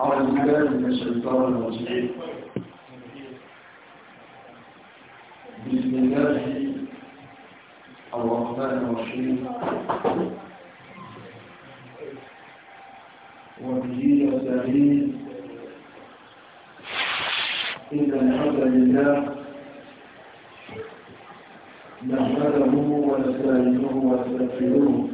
أعوذ بالله الشيطان بسم الله الرحمن الرحيم وبه إن الحمد لله نحمده ونستعينه ونستغفره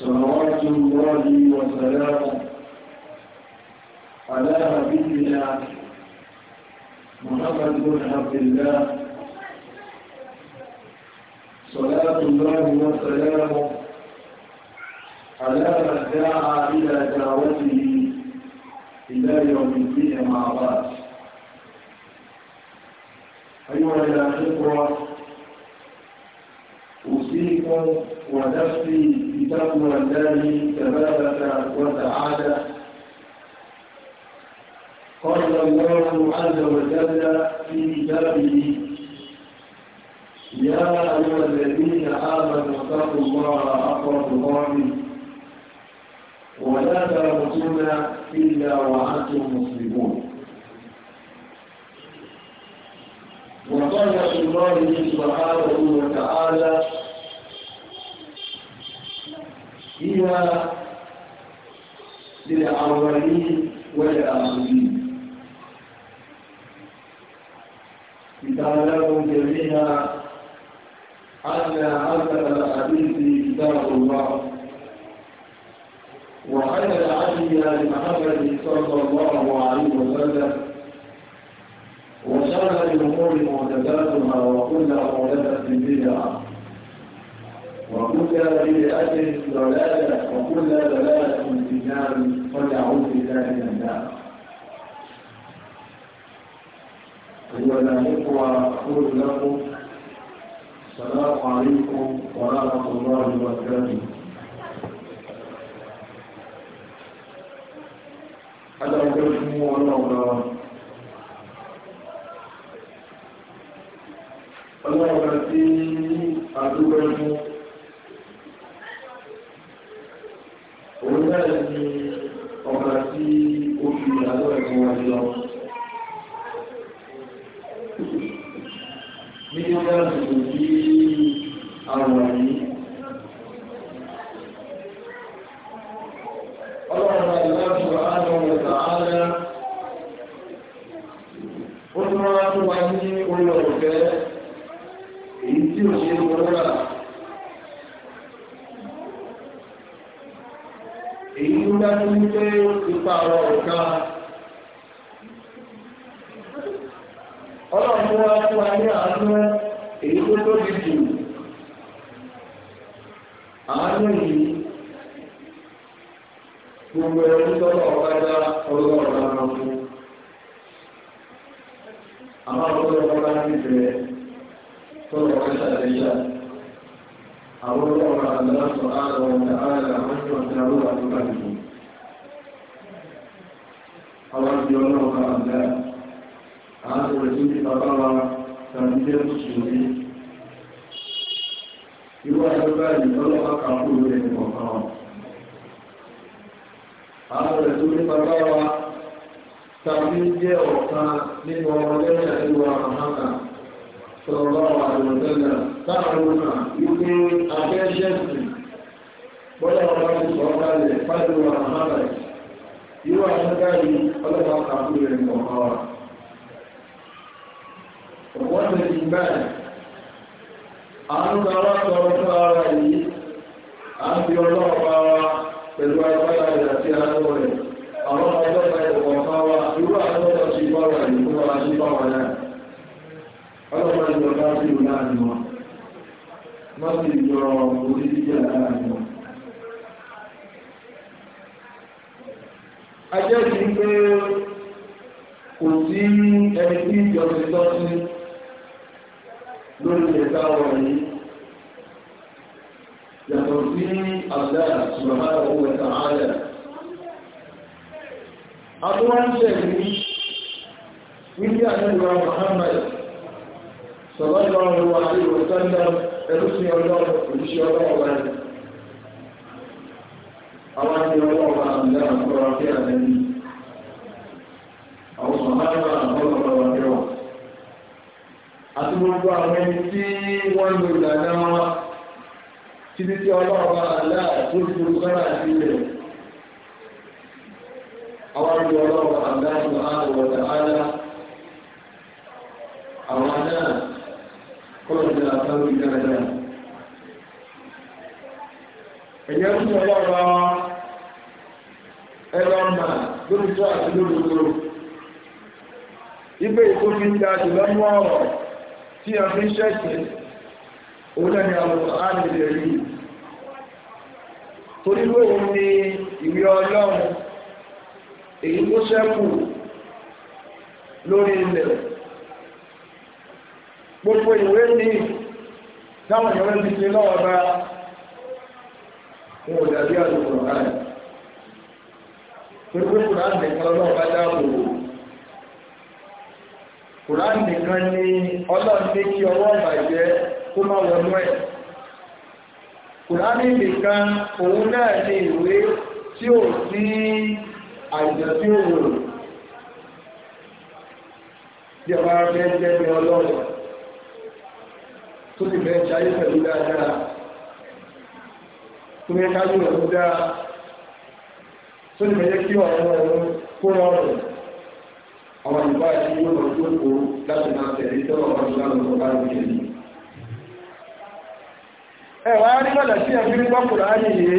صلوات الله وسلامه على نبينا محمد بن عبد الله صلاة الله وسلامه على من دعا إلى دعوته إلى يوم الدين مع بعض أيها الأخوة أوصيكم ونفسي بتقوى الله تبارك وتعالى قال الله عز وجل في كتابه يا أيها الذين آمنوا اتقوا الله حق تقاته ولا تموتن إلا وأنتم مسلمون وقال الله سبحانه وتعالى فيها للأولين والآخرين تعلموا جميعا أن أكثر الحديث كتاب الله وعلى العدل لمحمد صلى الله عليه وسلم وشرح الأمور محدثاتها وكل محدثة بدعة وكل بدعة ضلالة وكل ضلالة في النار فليعوذ النار أيها الأخوة أقول لكم السلام عليكم ورحمة الله وبركاته هذا هو اسمه الله الله الذي أدعو wọ́n lọ. wájú ọlọ́run àgbáyé máa wọ̀ dáadáa àwọn náà kọ́lọ̀ ní àtàrí dáadáa. Ẹ̀yẹ́ ń sọ lọ́rọ̀ ẹ̀rọ mà lórí tó àti lódodo. Ibé ìkó fi ń da jùlọ mú ọ̀rọ̀ tí a fi ń ṣẹ̀ṣẹ̀ òun náà ni àwọn ni ìwé ọlọ́run èyí tó ṣẹ́kù lórí ilẹ̀ gbogbo ìwé ní táwọn ìwé ti lọ́wọ́ bá wọn ò dàbí àdúgbò náà pẹ̀lú kùránì nìkan lọ́wọ́ bá dáàbò kùránì nìkan ni ọlọ́run ní kí ọwọ́ bàjẹ́ kó má wọnú ẹ̀ nìkan àìjọ tí ó wòrò bí ọba fẹ́ jẹ́ ní ọlọ́run tó ti fẹ́ ṣayé pẹ̀lú dáadáa tó fẹ́ kájú ọ̀run dáa tó ti fẹ́ kí ọ̀run ọ̀run kó rọrùn àwọn ìbá àti yóò lọ tó kó láti máa tẹ̀lé yìí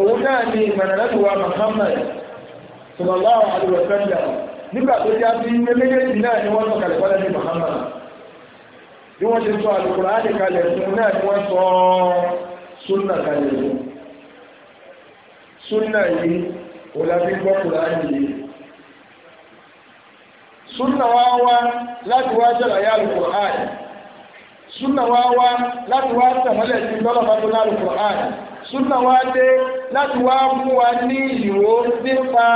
òun náà ni ìmọ̀nàlẹ́tùwà Muhammad sallallahu alaihi wa sallam nígbà tó já sí ilé méjèèjì náà ni wọ́n sọ kàlẹ́kọ́lẹ́ ní Muhammad bí wọ́n ṣe sọ Al-Qur'ani kalẹ̀ fún náà ni wọ́n sọ súnà kalẹ̀ fún súnà yìí òlàbí gbọ́ Qur'ani yìí súnà wá wá láti wá ṣàlàyé Al-Qur'ani súnà wá wá láti wá sàmọ́lẹ̀ sí lọ́lọ́fà tó lálùkùránì súnà wá dé láti wá mú wa ní ìró nípa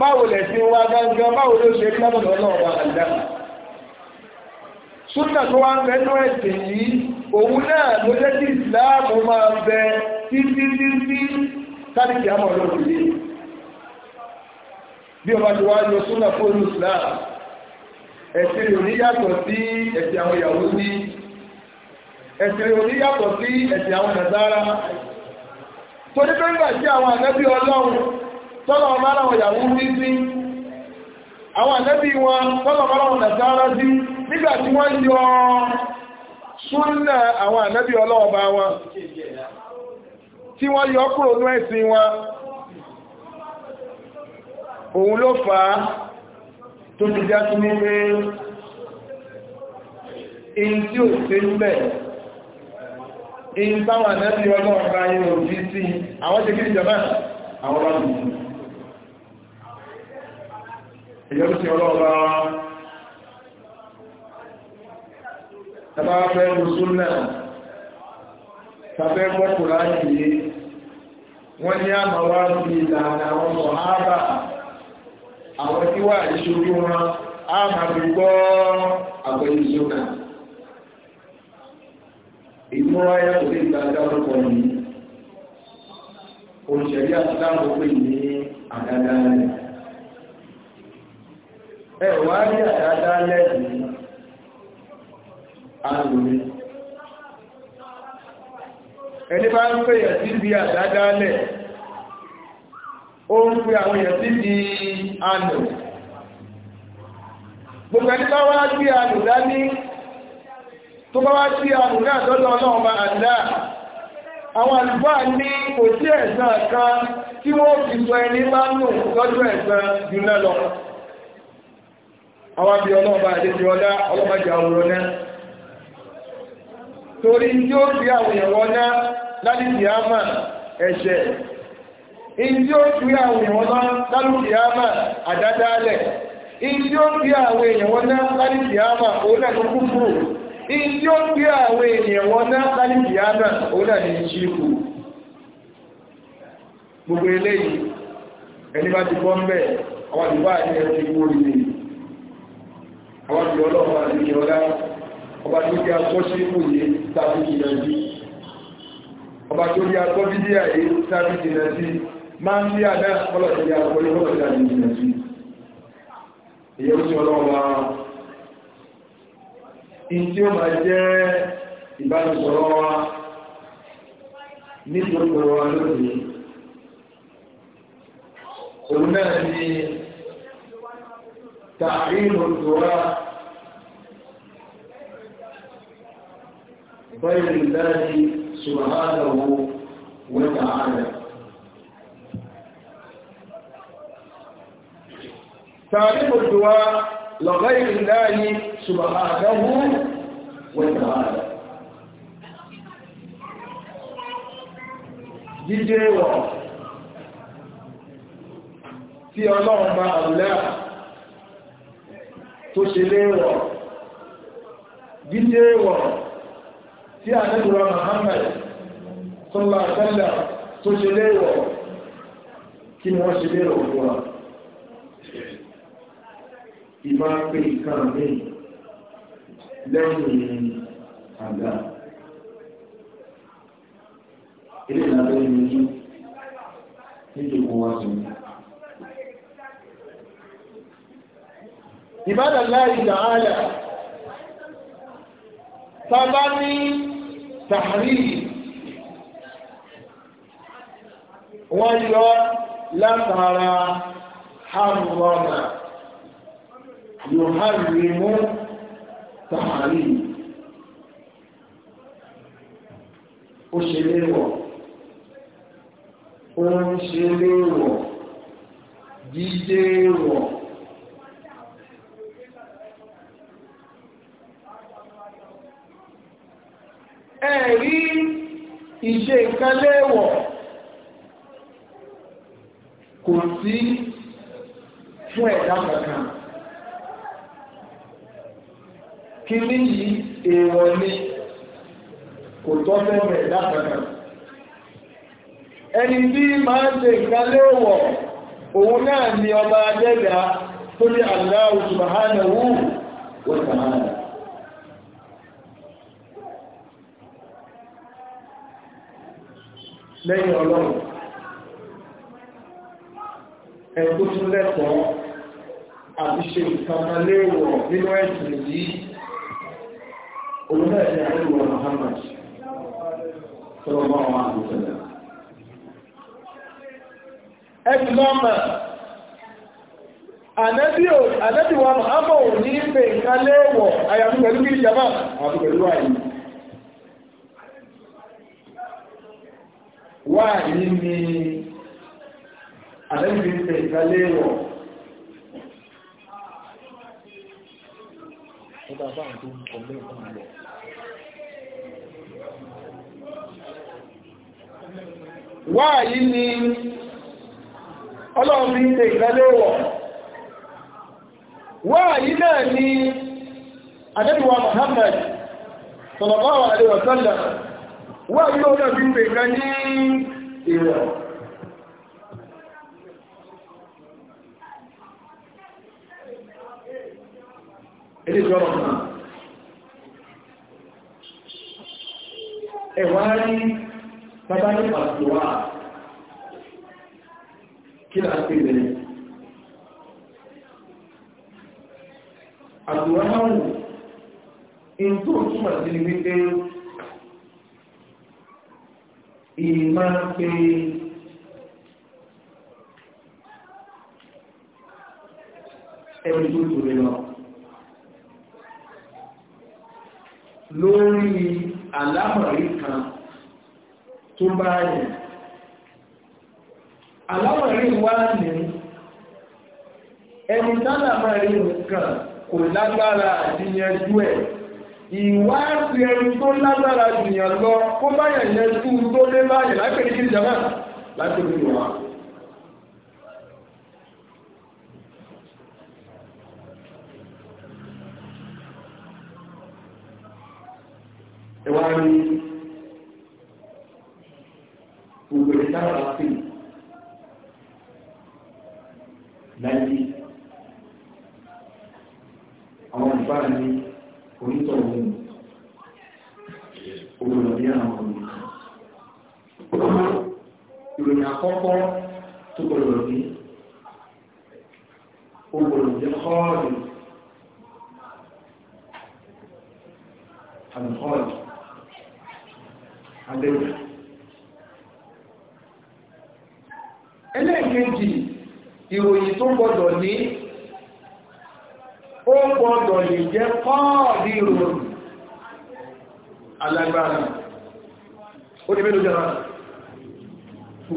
báwo lẹ̀sìn wa gángan báwo ló ṣe lọ́dọ̀ náà wà àdáàmà súnà tó wá ń bẹnú ẹ̀sìn yìí òun náà ló jẹ́ kí ìsìláàmù máa bẹ títí títí sáàdìkì àmọ̀ lókèlè bí ọba ti wá yọ súnà fóònù ìsìláàmù ẹ̀sìn òní yàtọ̀ sí ẹ̀sìn àwọn Yahudi ẹ̀sìn òní yàtọ̀ sí ẹ̀sìn àwọn Nàsárà torí pé nígbà tí àwọn ànábì ọlọ́run tọ́lọ̀ ọmọ aláwọ̀ yàwó sí àwọn ànábì wọn tọ́lọ̀ ọmọ aláwọ̀ nàìjíríà sí nígbà tí wọ́n yọ súnnà àwọn ànábì ọlọ́run wọn tí wọ́n yọ kúrò ní ẹ̀sìn wọn òun ló fà á tó já sí in táwọn ànẹ́bí ọlọ́run bá yẹ òfin sí àwọn ṣe kí ìjọba àwọn bá tù sí ọlọ́run bá tàbá fẹ́ rùsúnà tàbẹ́ mọ́kùnrà yìí wọ́n ní àmàwà bí ìlànà àwọn sọ̀hábà àwọn tí wà ìṣòro wọn á màbí gbọ́ àgbẹ̀yìn tó wáyé kò sí ìgbà dárúkọ ní òṣèré àtúntàwọn pè ní àdádálẹ̀ ẹ wá rí àdádálẹ̀ ní alòrí ẹni bá ń pè yẹ̀ sí ibi àdádálẹ̀ ó ń pè àwọn yẹ̀ sí ibi àlò gbogbo ẹni bá wá gbé àlò dání tó bá wá sí àrùn náà lọ́dọ̀ ọlọ́run bá àdá àwọn ní kò sí kan tí wọ́n fi sọ ẹni máa nù lọ́dọ̀ ẹ̀san jù náà lọ àwọn àbí ọlọ́run àdéjì ọlá ọlọ́mọdé àwòrán náà torí tí ó fi náà àmà ẹ̀ṣẹ̀ ìdí ìdí ó gbé àwọn èèyàn wọn náà láti kìíyàmà òun náà ní ṣíkù gbogbo eléyìí ẹni bá ti bọ́n bẹ́ẹ̀ àwọn àdúgbò àti ẹ̀sìn ikú orílẹ̀ àwọn àti ọlọ́pàá àti ìjọba ọba tó jẹ́ akọ́ sí ikú yìí tàbí ìjìnà sí ọba tó jẹ́ akọ́ bí díà yìí tàbí ìjìnà sí máa ń bí àdá ọlọ́pàá ìjìnà sí ìyẹ́ in tí ó máa jẹ́ ìbánisọ̀rọ̀ wa nítorí ọ̀rọ̀ wa lónìí òun náà ni tààrin òtòrá bẹ́ẹ̀ lẹ́yìn subhanahu wa ta'ala tààrin òtòrá لغير الله سبحانه وتعالى jíjẹ́ ìwọ̀ tí ọlọ́run bá àwùlá tó ṣe léèwọ̀ jíjẹ́ ìwọ̀ tí àdẹ́gbùra Muhammad sallallahu alaihi wasallam tó ṣe léèwọ̀ kí ni wọ́n ṣe léèwọ̀ fún wa ìmá pé nǹkan mi lẹ́yìn àgbà. Ilé ìlànà ẹni ní níjókòó wá sí mi. Ìbádà láì dàálà sábà ní tàrí wọ́n yọ látara hàrùn ọ̀nà. يحرم تحريم ó ṣe léwọ̀ ó ń ṣe léwọ̀ jíjẹ wọ̀ ẹ̀rí ìṣe nǹkan léwọ̀ kò sí fún ẹ̀dá kankan. kí ní yìí èèwọ̀ ni kò tọ́ fẹ́mẹ̀ lákàtà ẹni tí máa ń ṣe nǹkan léèwọ̀ òun náà ni ọba adẹ́gbà tó ní Allahu subhanahu wa ta'ala lẹ́yìn ọlọ́run ẹ̀kú tún lẹ́tọ̀ọ́ àti ṣe nǹkan léèwọ̀ nínú ẹ̀sìn yìí olùdarí ní àdúgbò Muhammad sọ̀rọ̀ bá wọn àdúgbò. ẹ̀sìn lọ́mọ ànábì wa Muhammad ò ní pè nǹkan léèwọ̀ àyàfi pẹ̀lú kí ìjàmbá àti pẹ̀lú àyè. wáàyí ni ànábì ń pè nǹkan léèwọ̀. Ọba bá àdúgbò lẹ́ẹ̀kan lọ. wáàyí ni ọlọ́run fi ń ṣe ìgbẹ́léwọ̀ wáàyí náà ni adẹ́bíwa Muhammad sallallahu alaihi wa sallam wáàyí náà náà fi ń ṣe ìgbẹ́ ní ìwọ̀ ilé ìjọba ẹ̀wọ̀n rí Bàbá ní àtùwà kí là ń pè bẹ̀rẹ̀. Àtùwà náà wù, in tó túmọ̀ sí ni wípé ìmá pé ẹni tó tò lọ. Lórí àlámọ̀rí kan tó bá yẹ̀. Àláwọ̀ rí wá ní ẹni tánà máa rí nǹkan kò lágbára àdíyànjú ẹ̀. Ìwá sí ẹni tó lágbára jùyàn lọ kó báyẹ̀ yẹn tú tó lé báyẹ̀ lápẹ̀lú ìjọba lápẹ̀lú ìwà.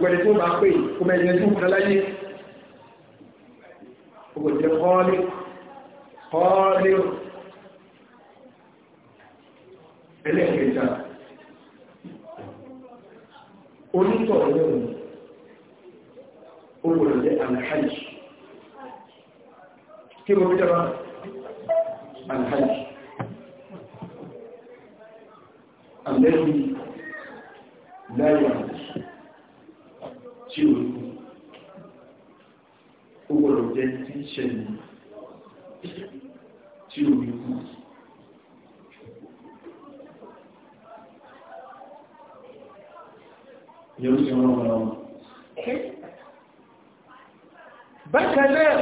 ẹni tó bá pè kó mọ ẹni tó kan láyé ó kò jẹ kọ́ọ́lì kọ́ọ́lì ẹlẹ́kẹta onítọ̀ lẹ́nu ó kò jẹ alhaj kí mo fi dábàá alhaj alẹ́bí láyé àti. tí ò ní ó gbọ́dọ̀ jẹ́ tí ń ṣẹlẹ̀ tí ò ní kú. yóò ṣe wọn wọn. bákan náà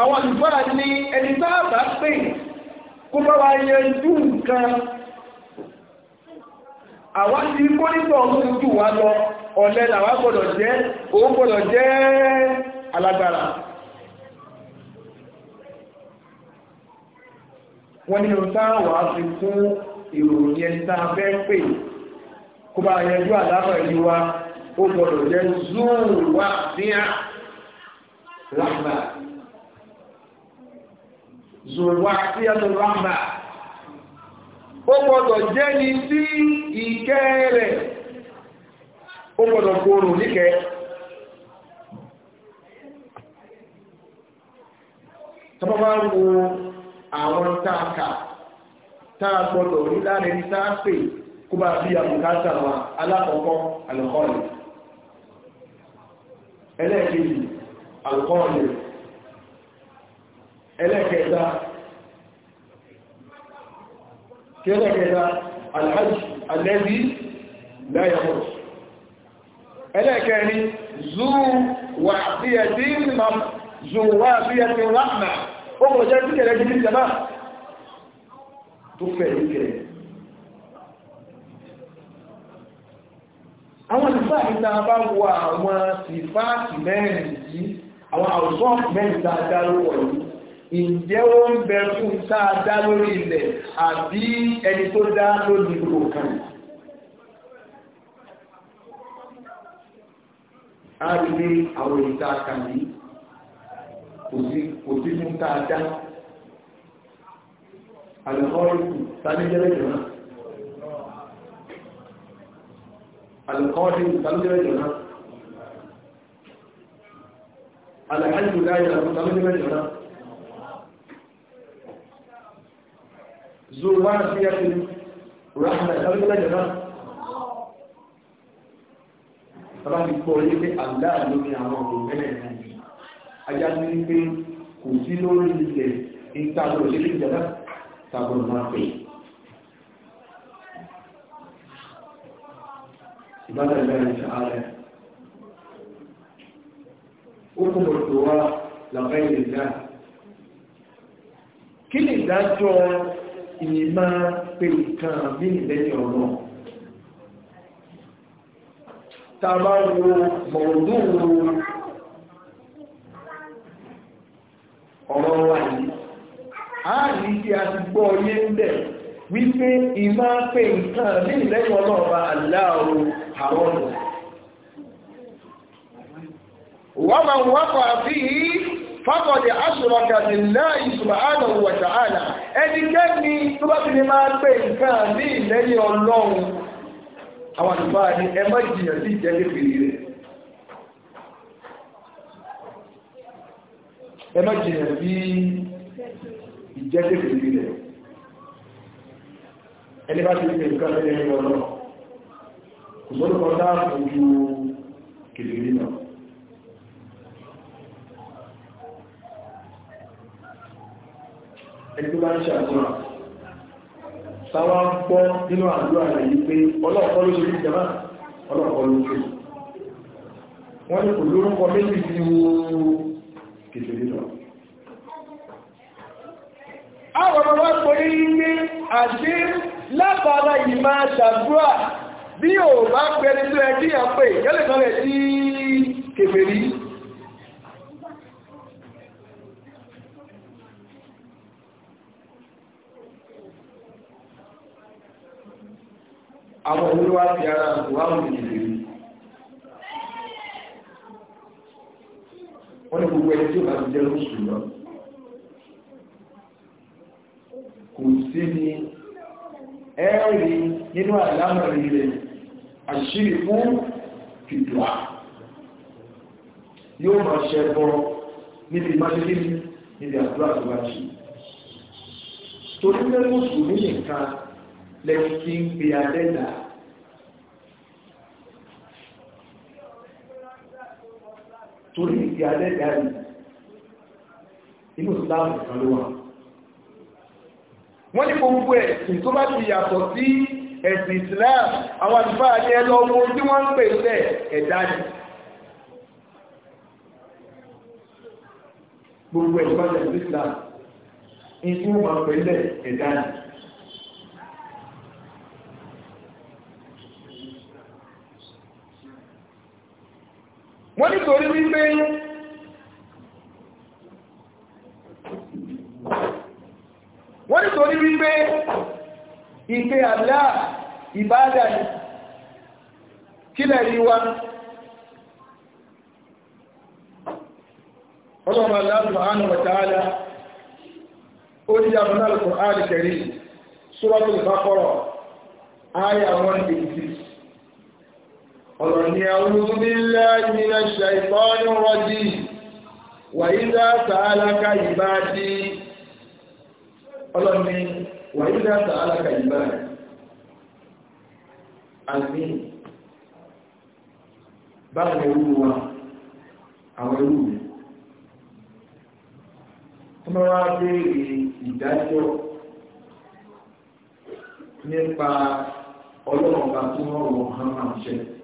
àwọn àlùfáà ní ẹni tá a pè kó bá wa yẹ ojú nǹkan àwọn ti kó nígbà ọdún ojú wa lọ ọ̀lẹ làwa gbọ́dọ̀ jẹ́ òun gbọ́dọ̀ jẹ́ alágbára wọ́n ní irun tá wà á fi kún ìròyìn ẹni tá a fẹ́ pè kó bá yẹjú àlábà yìí wa ó gbọ́dọ̀ jẹ́ zúùrù wá sí à sí à rámbà ó gbọ́dọ̀ jẹ́ ni sí ìkẹ́ rẹ̀ ó gbọ́dọ̀ gbòòrò níkẹ́ tọ́pọ̀ máa ń wo àwọn táàkà táà gbọ́dọ̀ rí láàrin ní sáàpè kó bá bí àbùkátà wa alákọ̀ọ́kọ́ alùkọ́ọ̀lù ẹlẹ́ẹ̀kejì alùkọ́ọ̀lù ẹlẹ́ẹ̀kẹta kẹlẹ́ẹ̀kẹta alhaji alẹ́bí láyàmọ̀tì ẹlẹ́ẹ̀kẹrin zuu wà sí ẹ̀dí ìmọ̀ zuu wà sí ẹ̀dí ráhmà ó kò jẹ́ sí kẹ̀lẹ́ gidi jẹ́ náà tó fẹ́ ní kẹ̀lẹ́ àwọn ìfáàtì tá bá wo àwọn ìfáàtì mẹ́rin yìí àwọn àwùjọ mẹ́rin tá dá lówọ̀ yìí ǹjẹ́ ó ń bẹ fún tá dá lórí ilẹ̀ àbí ẹni tó dá lórí ìlú á rí pé àwọn èyí tá a kà yìí kò sí fún tá a dá alùkọ́ọ̀lù tánijẹ́rẹ́ jọ̀nà alùkọ́ọ̀lù tánijẹ́rẹ́ jọ̀nà alùkọ́ọ̀lù tánijẹ́rẹ́ jọ̀nà zuwa fiye rahama tánijẹ́rẹ́ jọ̀nà bàbá mi kọ́ ọ yé àlá ló ní àwọn ọ̀gbìn mẹ́lẹ̀ náà ajá sí pé kò sí lórí ilẹ̀ níta lọ sí ilé ìjọba tàbí máa pè ìbára ìbára ìṣàárẹ̀ ó kún bọ̀ tó wá làbá ilẹ̀ ìjà kí ni ìdájọ́ ìyìn máa pè bí ìlẹ́yìn ọ̀nà tàbá ndu mọ̀ọ̀dú ọ̀rọ̀ wa yìí a rí tí a ti gbọ́ yé ń bẹ̀ wípé ìmá pé nǹkan ní ìlẹ́yìn ọlọ́ọ̀bá aláàrù àwọn ọ̀rọ̀ wọ́pọ̀ àfi yìí fákọ̀dẹ̀ aṣọ́rọ̀kà ní àwọn àlùfáà ní ẹ má jìyàn sí ìjẹ́lé fèrè rẹ̀ ẹ má jìyàn sí ìjẹ́lé fèrè rẹ̀ ẹni bá ti rí nǹkan lẹ́yìn ẹni ọ̀nà kò sọ́dọ̀ kan dáàbò ju kèlèrè náà ẹni tó bá ń ṣàtúnrà sáwá ń gbọ́ nínú àdúrà rẹ̀ yìí pé ọlọ́ọ̀kọ́ ló ṣe jẹ́mà ọlọ́ọ̀kọ́ ló ṣe wọ́n ní kò lórúkọ méjì ní ooo kèfè nínú àwọn ọmọ wọn pè é ní àṣẹ lábàárà yìí máa ṣàdúrà bí ò bá pẹ́ni tó ẹjí àpè rẹ̀ sí kèfè rí àwọn olúwa ti ara ìwáhùn ìdìbò wọ́n ní gbogbo ẹni tí ó bá ti jẹ́ lóṣù lọ kò sí ni ẹ̀rí nínú àdámọ̀ ilẹ̀ àṣírí fún fìdùá yóò máa ṣẹbọ níbi ìmáṣẹ́lẹ́ níbi àdúrà tó bá ṣe torí pé mùsùlùmí nìkan lẹ́yìn tí ń pe adẹ́dà. torí ìpè adẹ́dà yìí inú ìsìláàmù kan ló wà. wọ́n ní gbogbo ẹ̀sìn tó bá ti yàtọ̀ sí ẹ̀sìn ìsìláàmù àwọn àdúgbò àti ẹlọ ohun tí wọ́n ń pè lẹ̀ ẹ̀dá ni. gbogbo ẹ̀sìn bá ti yàtọ̀ sí ìsìláàmù ìtú wọn pè lẹ̀ ẹ̀dá ni. wọ́n nítorí wípé wọ́n nítorí wípé ìpé àlá ìbádà ni kílẹ̀ rí wa ọlọ́run aláàbò àánú wàtàálà ó ní àmúnà al-Qur'an al-Karim Suratul Baqarah àyà 186 قل أعوذ بالله من الشيطان الرجيم وإذا سألك عبادي ọlọ́ni wà ní dáta alákà ìbára àmì báwọn ẹrú wa àwọn ẹrú ọlọ́run bá tó wọ́n wọ̀ hàn máa ṣẹlẹ̀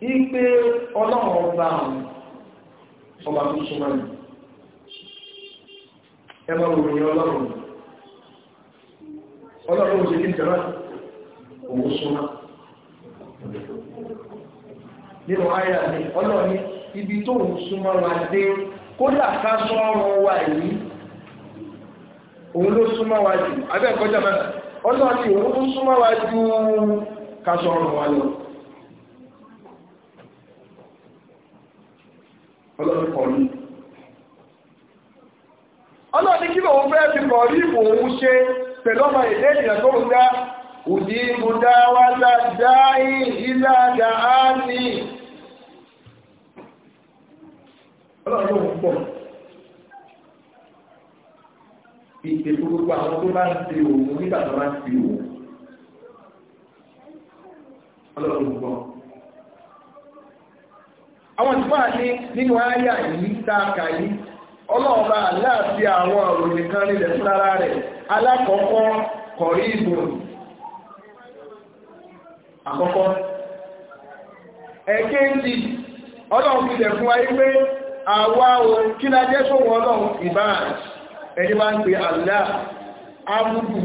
ipe ọlọ́run ọba ọba tó súnmọ́ ni ẹ máa wò ọlọ́run ọlọ́run ò sí kí n tẹ̀lá òun súnmọ́ nínú ọlọ́run ibi tó ń súnmọ́ wa dé sọ wa yìí òun ló súnmọ́ wa jù abẹ́ ẹ̀kọ́ jẹ́ mẹ́ta ọlọ́run òun ọlọ́run kọ̀ ní. ọlọ́run kí lòun fẹ́ fi kọ̀ ní ìwò òun ṣe pẹ̀lú ọmọ èdè ènìyàn tó ń dá òdì ìmúdá wá dáì ilá àjà á ní. ọlọ́run ló ń pọ̀ ìpè gbogbo àwọn tó bá ń ọlọ́run gbọ́ àwọn ìfà ní nínú ayà yìí tààkà yìí ọlọ́ọ̀bá láti àwọn òròyìn kan nílẹ̀ fún ara rẹ̀ alákọ̀ọ́kọ́ kọ̀rí ìbò àkọ́kọ́ ẹ̀kẹ́ǹdì ọlọ́run ilẹ̀ fún ayé pé àwa o kí la jẹ́ sóhun ọlọ́run ìbáàjì ẹni máa ń pe àlá ábùkù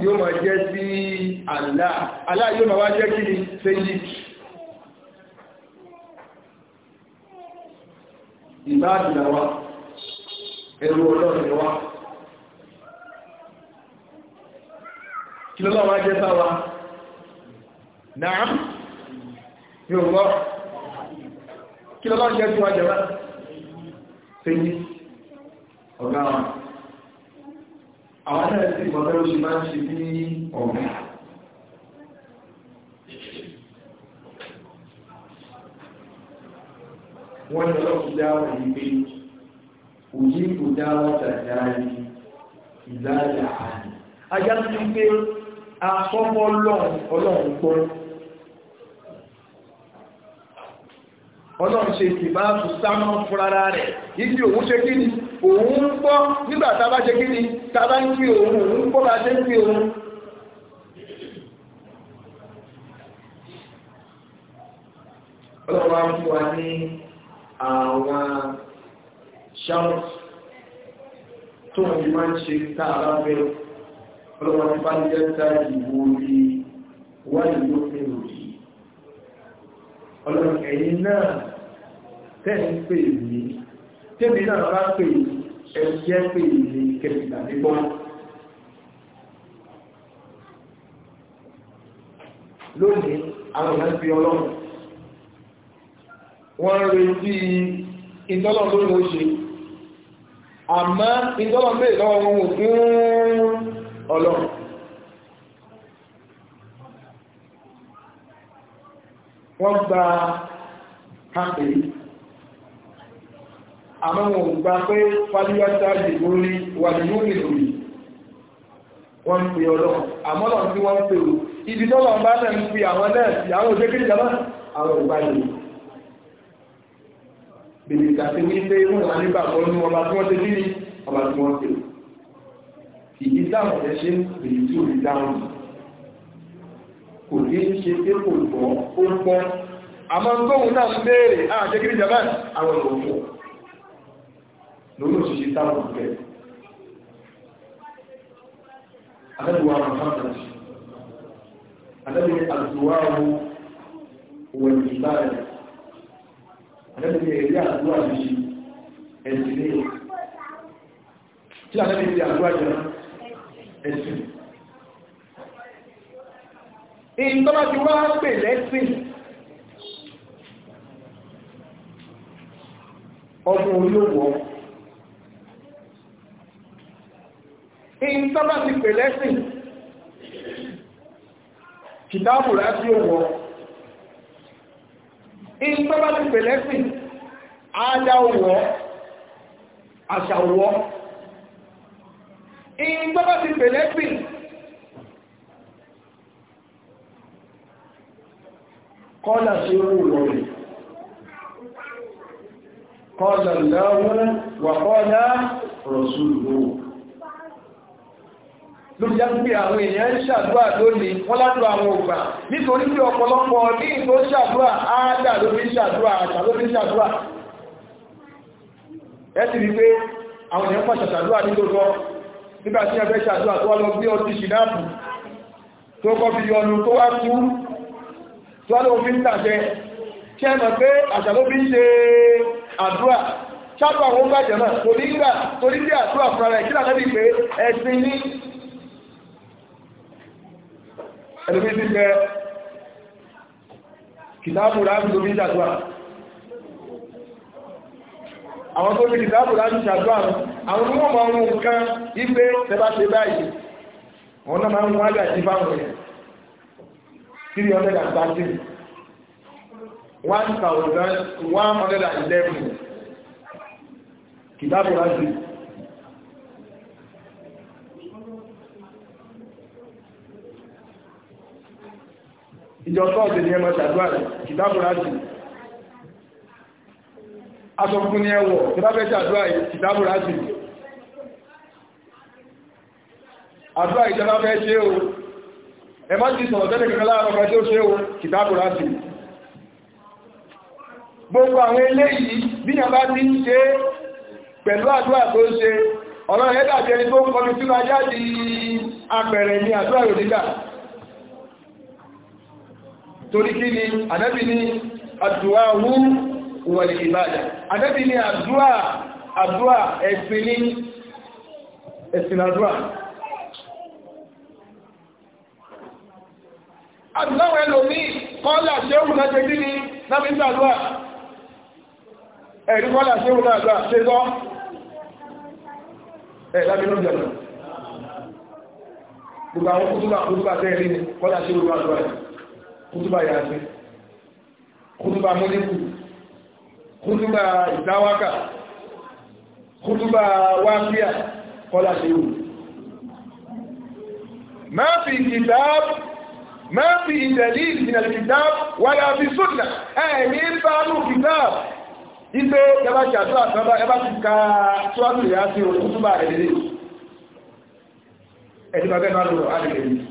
ìbáàdìlà wa ẹrù ọlọ́rin wa kí lọ́lọ́ wa jẹ́ sáwa náà yóò gbọ́ kí lọ́lọ́ jẹ́ tí wa jẹ́ wá fẹ́yí ọ̀gá wa àwọn ẹ̀rẹ́ sí ìgbọ̀fẹ́ ló ṣe máa ń ṣe bí wọ́n ní ọlọ́run dáwà yìí pé òjì kò dáwà dàdáyé ìlàjà àná. ajá ti pé asọ́mọ́ ọlọ́run ọlọ́run gbọ́. ọlọ́run ṣe ìbá sùsámọ́ fúnra rẹ̀ ibi òun ṣe kí ni òun ń gbọ́ nígbà tá ṣe kí ni tá ń fi òun òun ń gbọ́ bá ṣe ń fi òun. ọlọ́run á fún wa ní àwọn ṣáwọ̀t tó wọ́n máa ń ṣe tààrà bẹ̀rẹ̀ ọlọ́wọ́n ti bá jẹ́ tààrà ìwò orí wà ìlú pẹ̀lú yìí ọlọ́run ẹ̀yìn náà tẹ́ẹ̀ ń pè mí tẹ́bí náà bá pè ẹ̀jẹ́ pè mí kẹfìlà nígbọ́n lónìí àwọn ìlànà wọ́n ń retí ìtọ́lọ̀ ló ló ṣe àmọ́ ìtọ́lọ̀ bèèrè lọ́wọ́ wọn wò fún ọlọ́run wọ́n gba kápẹ́ àmọ́ wọn gba pé fàdíyàtà ìdìbò rí wà nínú ìròyìn wọ́n ń pè ọlọ́run àmọ́ lọ́n tí wọ́n ń pè ó ibi tọ́lọ̀ bá náà ń pè àwọn náà sí àwọn òṣèkè ìjọba àwọn ìbáyìí bèbè ìtàsí wípé wọ́n wà nígbà kan ní ọba tí wọ́n ti dín ní ọba tí wọ́n ti rò ìdí táwọn ẹ̀ ṣe ń èyí tí ò ní dáhùn kò ní ṣe pé kò gbọ́ ó ń pọ́ àmọ́ tóhun náà ń béèrè àjẹ́ kiri japan àwọn ìrọ̀fọ́ lórí òṣìṣẹ́ táwọn ìfẹ́ adẹ́bùwà muhammad adẹ́bùwà àdúwà wọn ìbáyẹ̀ àlẹ́bìnrin èrí àdúrà ní ẹ̀sìn ní tí àlẹ́bìnrin èrí àdúrà jẹ́ ẹ̀sìn ìtọ́lá ti wá pè lẹ́sìn ọdún olówó ìtọ́lá ti pè lẹ́sìn kìtàbù láti òwò ìgbẹ́ bá ti pèlẹ́ sí àádá òwò àṣà òwò ìgbẹ́ bá ti pèlẹ́ sí kọ́lá sí owó lọ́rẹ̀ kọ́lá lọ́wọ́ wà kọ́lá rọ̀sùn lọ́wọ́ ló já ń pè àwọn èèyàn ń ṣàdúrà lónìí wọ́n ládùn àwọn ògbà nítorí pé ọ̀pọ̀lọpọ̀ ní ìtò ṣàdúrà áádà ló fi ṣàdúrà àṣà ló fi ṣàdúrà ẹ ti rí pé àwọn èèyàn pàṣẹ ṣàdúrà nílòtọ́ nígbà tí ẹgbẹ́ ṣàdúrà tó wá lọ gbé ọdún ṣìdáàbù tó kọ́ fi yọnu tó wá kú tó wá lọ fi ń tàjẹ kí ẹ mọ̀ pé àṣà ló fi ń ṣe àdúrà ṣàdúrà wọn bàjẹ́ náà torí gbà torí bí àdúrà fúnra rẹ̀ kí ẹlòmí ti bẹ kìtàbù ráàbù lómi ìjàdùwà àwọn tó fi kìtàbù ráàbù ìjàdùwà àwọn tó wọ́n máa ń nǹkan ipé tẹbá ṣe báyìí wọ́n náà máa ń wọ́n àgbà ìjì fáwọn èèyàn 313 1111 kìtàbù ráàbù ìjọ sọ́ọ̀sẹ̀ ni ẹmọ ṣàdúrà rẹ̀ kìtàbùrà sí aṣọ fún ní ẹwọ̀ tí bá fẹ́ ṣàdúrà yìí kìtàbùrà sí àdúrà ìjọba fẹ́ ṣe o ẹmọ́ ti sọ̀rọ̀ tẹ́lẹ̀ kankan láàárọ̀ kan tí ó ṣe o kìtàbùrà sí gbogbo àwọn eléyìí bí yàn bá ti ń ṣe pẹ̀lú àdúrà tó ṣe ọ̀rọ̀ ẹ̀dà jẹ́ tó kọlu sínú torí kí ni ànábì ní àdúwà wú wọlé ìbádà ànábì ní àdúwà àdúwà ẹ̀sìn ní ẹ̀sìn àdúwà àdúwà ẹlòmí kọ́lá ṣéhùn náà ṣe kí ni náà àdúwà ẹ̀rí kọ́lá ṣéhùn náà àdúwà ṣe sọ́ ẹ̀ lábínú jẹ̀mọ̀ gbogbo àwọn kútùbà kútùbà tẹ́ẹ̀rí kọ́lá ṣéhùn náà àdúwà kútúbà yàtí kútúbà mọ́lẹ́kù kútúbà ìdáwákà kútúbà wáfíà kọ́lá ṣe wù máa fi kitab máa fi ìdẹ̀lì ìdìnà kitab wàlá fi súnà ẹ̀ẹ̀mí bánú kitab ipe ẹbá ti àtúrà sọ́bá ẹbá ti ka tíwájú ìyá sí òkútúbà ẹ̀lẹ́lẹ́ ẹ̀dùnmọ̀gẹ́ máa lọ àdìgẹ̀lẹ́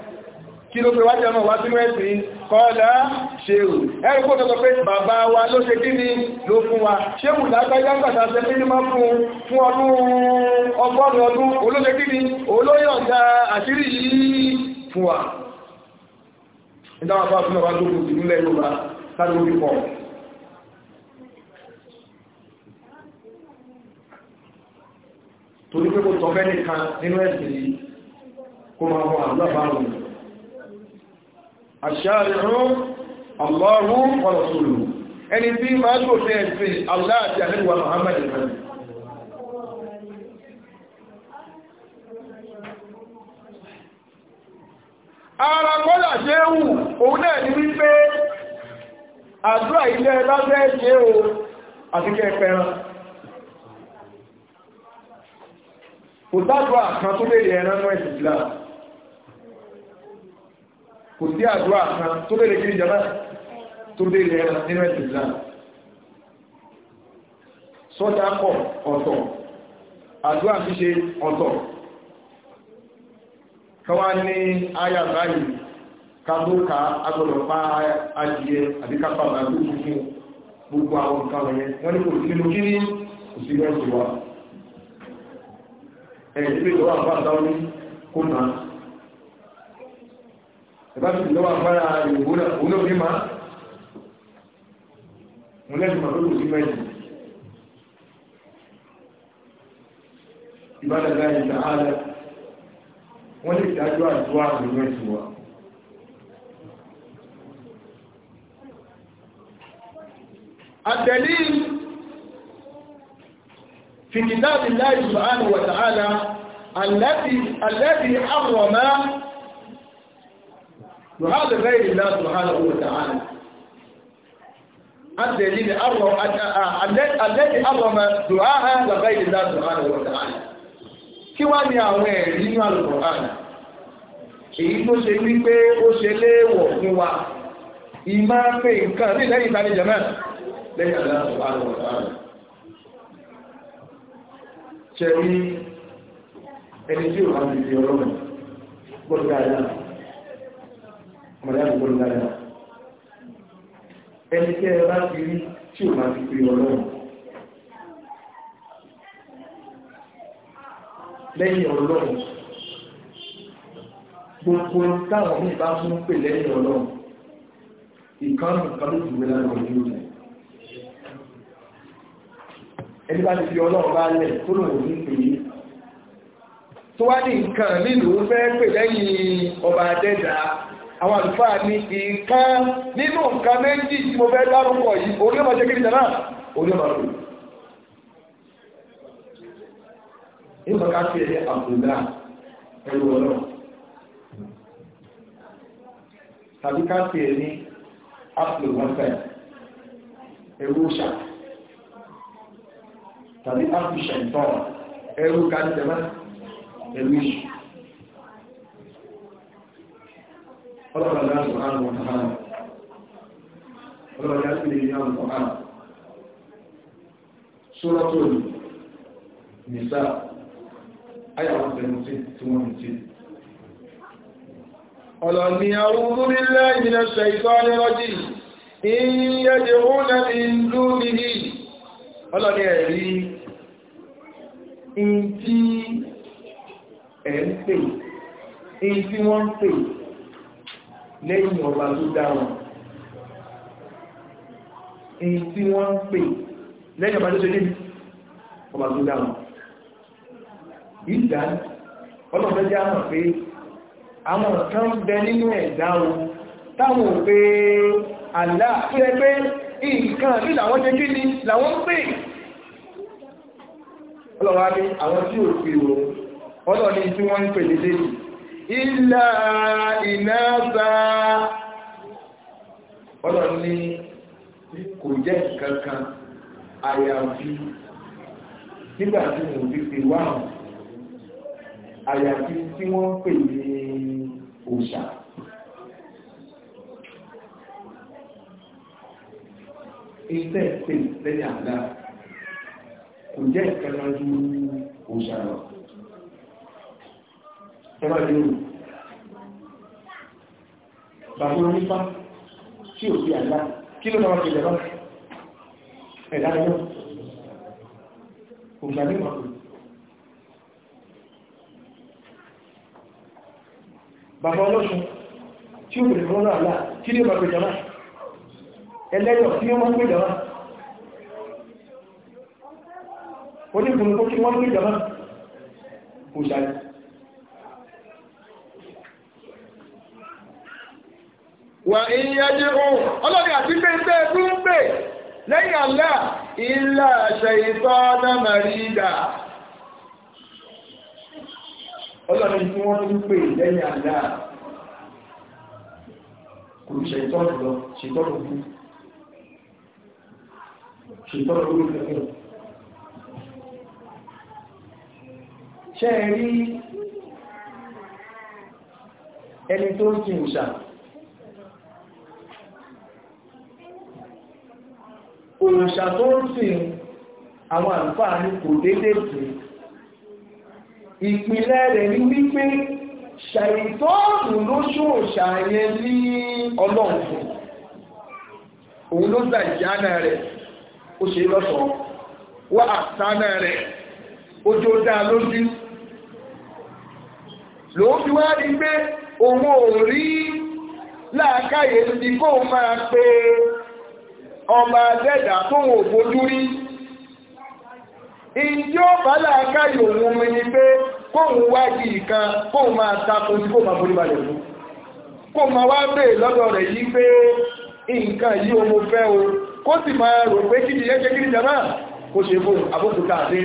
kí ló fi wájọ́ náà wá sínú ẹ̀sìn kọ́ọ̀dá ṣeun ẹ̀rù kó tọ́tọ́ pé bàbá wa ló ṣe kí ni ló fún wa ṣe kí ni máa fún fún ọdún ọdún olóṣe kí ni olóyè àṣírí yìí fún wa ìdáwọn afọ́ àfihàn gbogbo ìlú sáré orí pọ̀ kò àṣàrìrò Allahu wa rasuluhu ẹni tí máa ń gbòfin ẹ̀sìn Allah àti àlẹ́wà Muhammad kan ara kọ́lá ṣe ń wù òun náà ní wípé àdúrà ilẹ̀ lábẹ́ ṣe o àti kẹfẹ́ràn kò dájú àkàn tó lè yẹ ẹran mọ́ ìsìnkú kò sí àdúrà kan tó lè kiri jama tó lè lè ẹran nínú ẹ̀sìn islam sọ́dà kọ̀ ọ̀tọ̀ àdúrà ṣíṣe ọ̀tọ̀ káwá ní àyà báyìí kábóka pa gbogbo àwọn nǹkan wọ̀nyẹn wọ́n ní ìbáṣe ìlọ́wọ́ agbára ìwò náà òun náà bí máa mo lẹ́sìn máa tó kù sí mẹ́jì ìbádàgbà ìgbà ààrẹ wọ́n lè dájọ́ àdúrà nínú ẹ̀sùn wa àtẹ̀lé في كتاب الله سبحانه وتعالى الذي الذي حرم وهذا غير الله سبحانه وتعالى الذي أرم الذي أرم دعاء لغير الله سبحانه وتعالى kí wá ní àwọn ẹ̀rí nínú alùpùpù èyí tó ṣe wípé ó ṣe léèwọ̀ fún wa ìmá pé nǹkan ní lẹ́yìn ìtàníjẹ̀ náà lẹ́yìn aláàbò alùpùpù ṣe ọmọdé àdúgbò ló dára ẹni tí ẹ bá ti rí tí ò bá ti pè ọlọ́run lẹ́yìn ọlọ́run gbogbo táwọn míì bá mú pè lẹ́yìn ọlọ́run ìkànnì kan ló jùlọ lára òní òní ẹni bá ti fi ọlọ́run bá lẹ̀ tó lòun ní pè é tó wá ní nǹkan nílùú fẹ́ pè lẹ́yìn ọba adẹ́dàá àwọn àlùfáà ní nǹkan nínú nǹkan méjì tí mo fẹ́ dárúkọ yìí orí ọmọ jẹ́ kíni jẹ́nà orí ọmọ rẹ̀ nígbà ká fi ẹ̀yẹ àbùdá ẹ̀rù ọ̀nà tàbí ká fi ẹ̀ní àpòlùmọ́fẹ́ ẹ̀rù ṣà tàbí àpòṣẹ̀ntọ́ ẹ̀rù kájẹ̀mọ́ ẹ̀rù ìṣù ọlọ́pàá náà sọ àrùn ọ̀hánà ọlọ́pàá yá sí lè ní àrùn ọ̀hánà sọ́lọ́tò nìsá ayàwó tẹ̀mùtí tí wọ́n mú tí ọlọ́ni أعوذ بالله من من دونه ọlọ́ni ẹ̀rí in tí ẹ̀ ń pè in tí wọ́n ń pè lẹ́yìn ọba tó dá wọn èyí tí wọ́n ń pè lẹ́yìn ọba tó ṣe níbi ọba tó dá wọn ìdá ọlọ́pẹ́ jẹ́ àmọ̀ pé àwọn kan bẹ nínú ẹ̀dá wọn táwọn ò pé àlá tó yẹ pé nǹkan àti làwọn jẹ́ kí ni làwọn ń pè ọlọ́wà ní àwọn tí ò pè wọn ọlọ́ ni tí wọ́n ń pè ní ilà ìnáfà ọlọ́run ní kò jẹ́ kankan àyàfi nígbà tí mo fi pè wá hàn àyàfi tí wọ́n pè ní òòṣà. iṣẹ́ ìpè lẹ́yìn àdá kò jẹ́ ìkànnì ojú òòṣà lọ ẹ̀rọ ìlú bàbá onífá tí ò sí àlá kí ló náà ṣẹlẹ̀ náà ẹ̀dá ẹ̀rọ kò gbà nípa bàbá ọlọ́sùn tí ó bèrè fún àlá kí ló máa pèjọ náà ẹlẹ́yọ̀ tí ó máa pèjọ náà oníkùnrin tó kí wọ́n pèjọ náà kò ṣàlẹ̀ wà ìyẹ́jú ohun ọlọ́dẹ àti pé pé tún pè lẹ́yìn àlá ilá àṣẹ ìtọ́ náà màrídà ọlọ́dẹ tí wọ́n tún pè lẹ́yìn àlá kò ṣe ẹni tó ń sin òṣà òòṣà tó ń sìn àwọn àǹfààní kò déédéé sí ìpìlẹ̀ rẹ̀ ní wípé ṣàìtọ́ọ̀nù ló ṣòòṣà yẹn ní ọlọ́run fún òun ló gba ìjáná rẹ̀ ó ṣe lọ́sọ̀ọ́ wá àtàná rẹ̀ ó jó dáa lójú lòun fi wá rí pé òun ò rí láàkáyè ti kó máa pe ọmọ adẹ́dà tó wọn ò bójú rí ìdí ó bá láàká yòówù mi ni pé kóhun wádìí kan kóhun máa takò sí kóhun máa borí balẹ̀ fún kó máa wá bèè lọ́dọ̀ rẹ̀ yí pé nǹkan yí o mo fẹ́ o kó sì máa rò pé kí ni yẹ́ jẹ́ kí ni kó ṣe fún àbúkù tààdé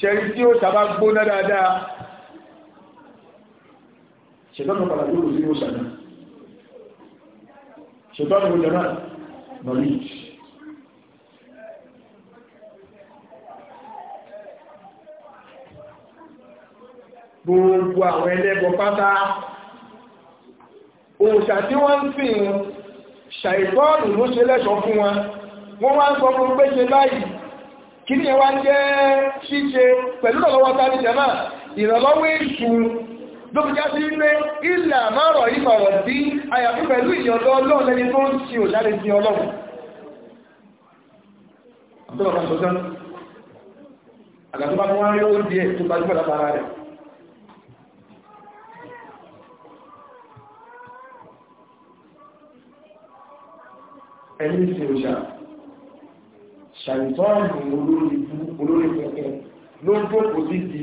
ṣẹ̀rí tí ó sábà gbóná dáadáa ṣẹ̀dọ́kọ̀ ṣètọ́nù ìwé jẹ́mọ́ knowledge gbogbo àwọn ẹlẹ́bọ pátá òòṣà tí wọ́n ń sìn ṣàìtọ́nù ló ṣe lẹ́ṣọ́ fún wọn wọ́n wá ń sọ fún pé báyìí kí ni ẹ jẹ́ ṣíṣe pẹ̀lú ọ̀lọ́wọ́ tá ní jẹ́mọ́ ìrànlọ́wọ́ èṣù lóbìjá sí pé ilẹ̀ àmárọ̀ ìmọ̀rọ̀ sí àyàfi pẹ̀lú ìyọ̀dọ̀ ọlọ́run lẹni tó ń ṣe òjáde sí ọlọ́run àgbàtọ́bá tó wá rí oúnjẹ ẹ̀ tó gbajúmọ̀ lápára rẹ̀ ẹni tí ó ṣà ṣàìtọ́ ọ̀nà olórin fún olórin fún ẹ ló ń tó kò sí di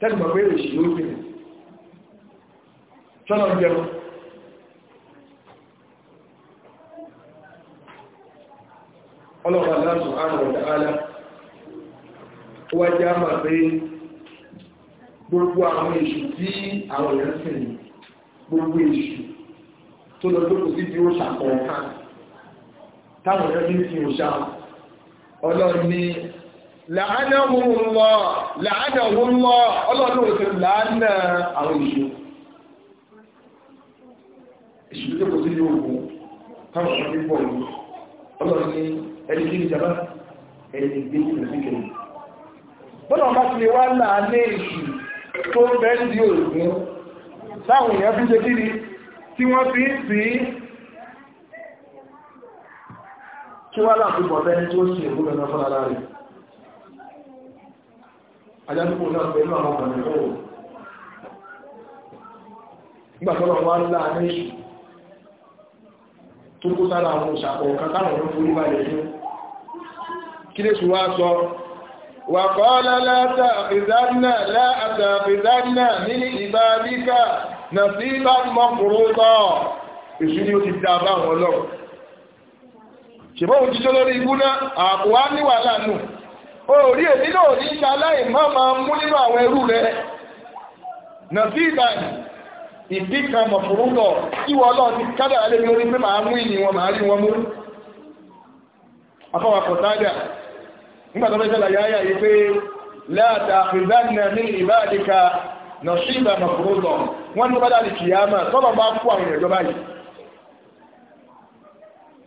tẹ́gbọ̀ pé èṣì ló fi ṣọ́nà jẹun ọlọ́pàá láàrín àrùn ọ̀dá alá wá jẹ́ àmà pé gbogbo àwọn èṣù tí àwọn èèyàn sì ní gbogbo èṣù tó lọ tókù sí bí ó ṣàkọ̀ọ̀kan táwọn èèyàn ní fi òṣà ní làánàwòmọ́ làánàwòmọ́ ọlọ́run ò ti làánà àwọn èṣù èṣù tó kò sí ní káwọn ọ̀sán ti yìí ọlọ́run ní ẹni kí ni jàmbá ẹni gbé ìlú sí kẹrin bọ́lá ọba ti wá làánà èṣù tó bẹ́ẹ̀ di òògùn táwọn èèyàn fi ṣe kí ni tí wọ́n fi ń sìn kí wọ́n láti bọ̀ bẹ́ẹ̀ tó ṣe ìgbóhùn fún ara rẹ̀ ajásùkò náà pẹ̀lú àwọn ọkùnrin tó wò nígbàtọ́lọ̀ wá ńlá ní ìṣù tó kó sára àwọn òṣàpọ̀ kan táwọn ọ̀rọ̀ forí balẹ̀ fún kí lè ṣùwá sọ wà kọ́ọ́lá látàfìdánà ní ìbáríkà nà sí bá mọ́kùnrin tọ́ èṣù ni ó ti dá bá wọn lọ ṣèbọ́ òjíṣẹ́ lórí ibú náà àkùwá níwà láàánú Ori èmi náà ní ṣe aláìmọ́ máa mú nínú àwọn ẹrú rẹ̀ nàbí ìbàdàn ìdí kan mọ̀fòrúkọ̀ tí ti kádà lé lórí pé màá mú ìyìn wọn màá rí wọn mú afọwàpọ̀ sáájà nígbà tó fẹ́ sẹ́lá yáyà yìí pé láàtà àfìzánà ní ìbáàdìka nàṣíbà mọ̀fòrúkọ̀ wọ́n ní lè tọ́lọ̀ bá kú àwọn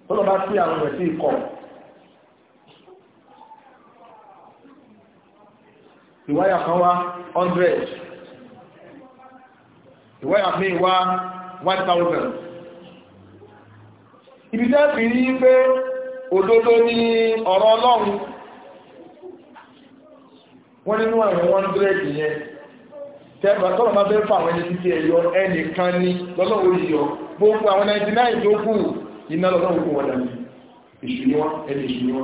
tọ́lọ̀ bá àwọn ìwáyà kan wá 100 ìwáyà míì wá 1000 ibi tẹ́ fi rí pé òdodo ni ọ̀rọ̀ ọlọ́run wọ́n nínú àwọn 100 yẹn tẹ́gbà tọ́lọ̀ máa bẹ́ẹ̀ fà àwọn ẹni títí ẹ̀yọ ẹnìkan ní lọ́lọ́wọ́ yíyọ gbogbo àwọn 99 tó kù iná lọ́lọ́wọ́ kò wọ́n dàbí ìṣúná ẹni ìṣúná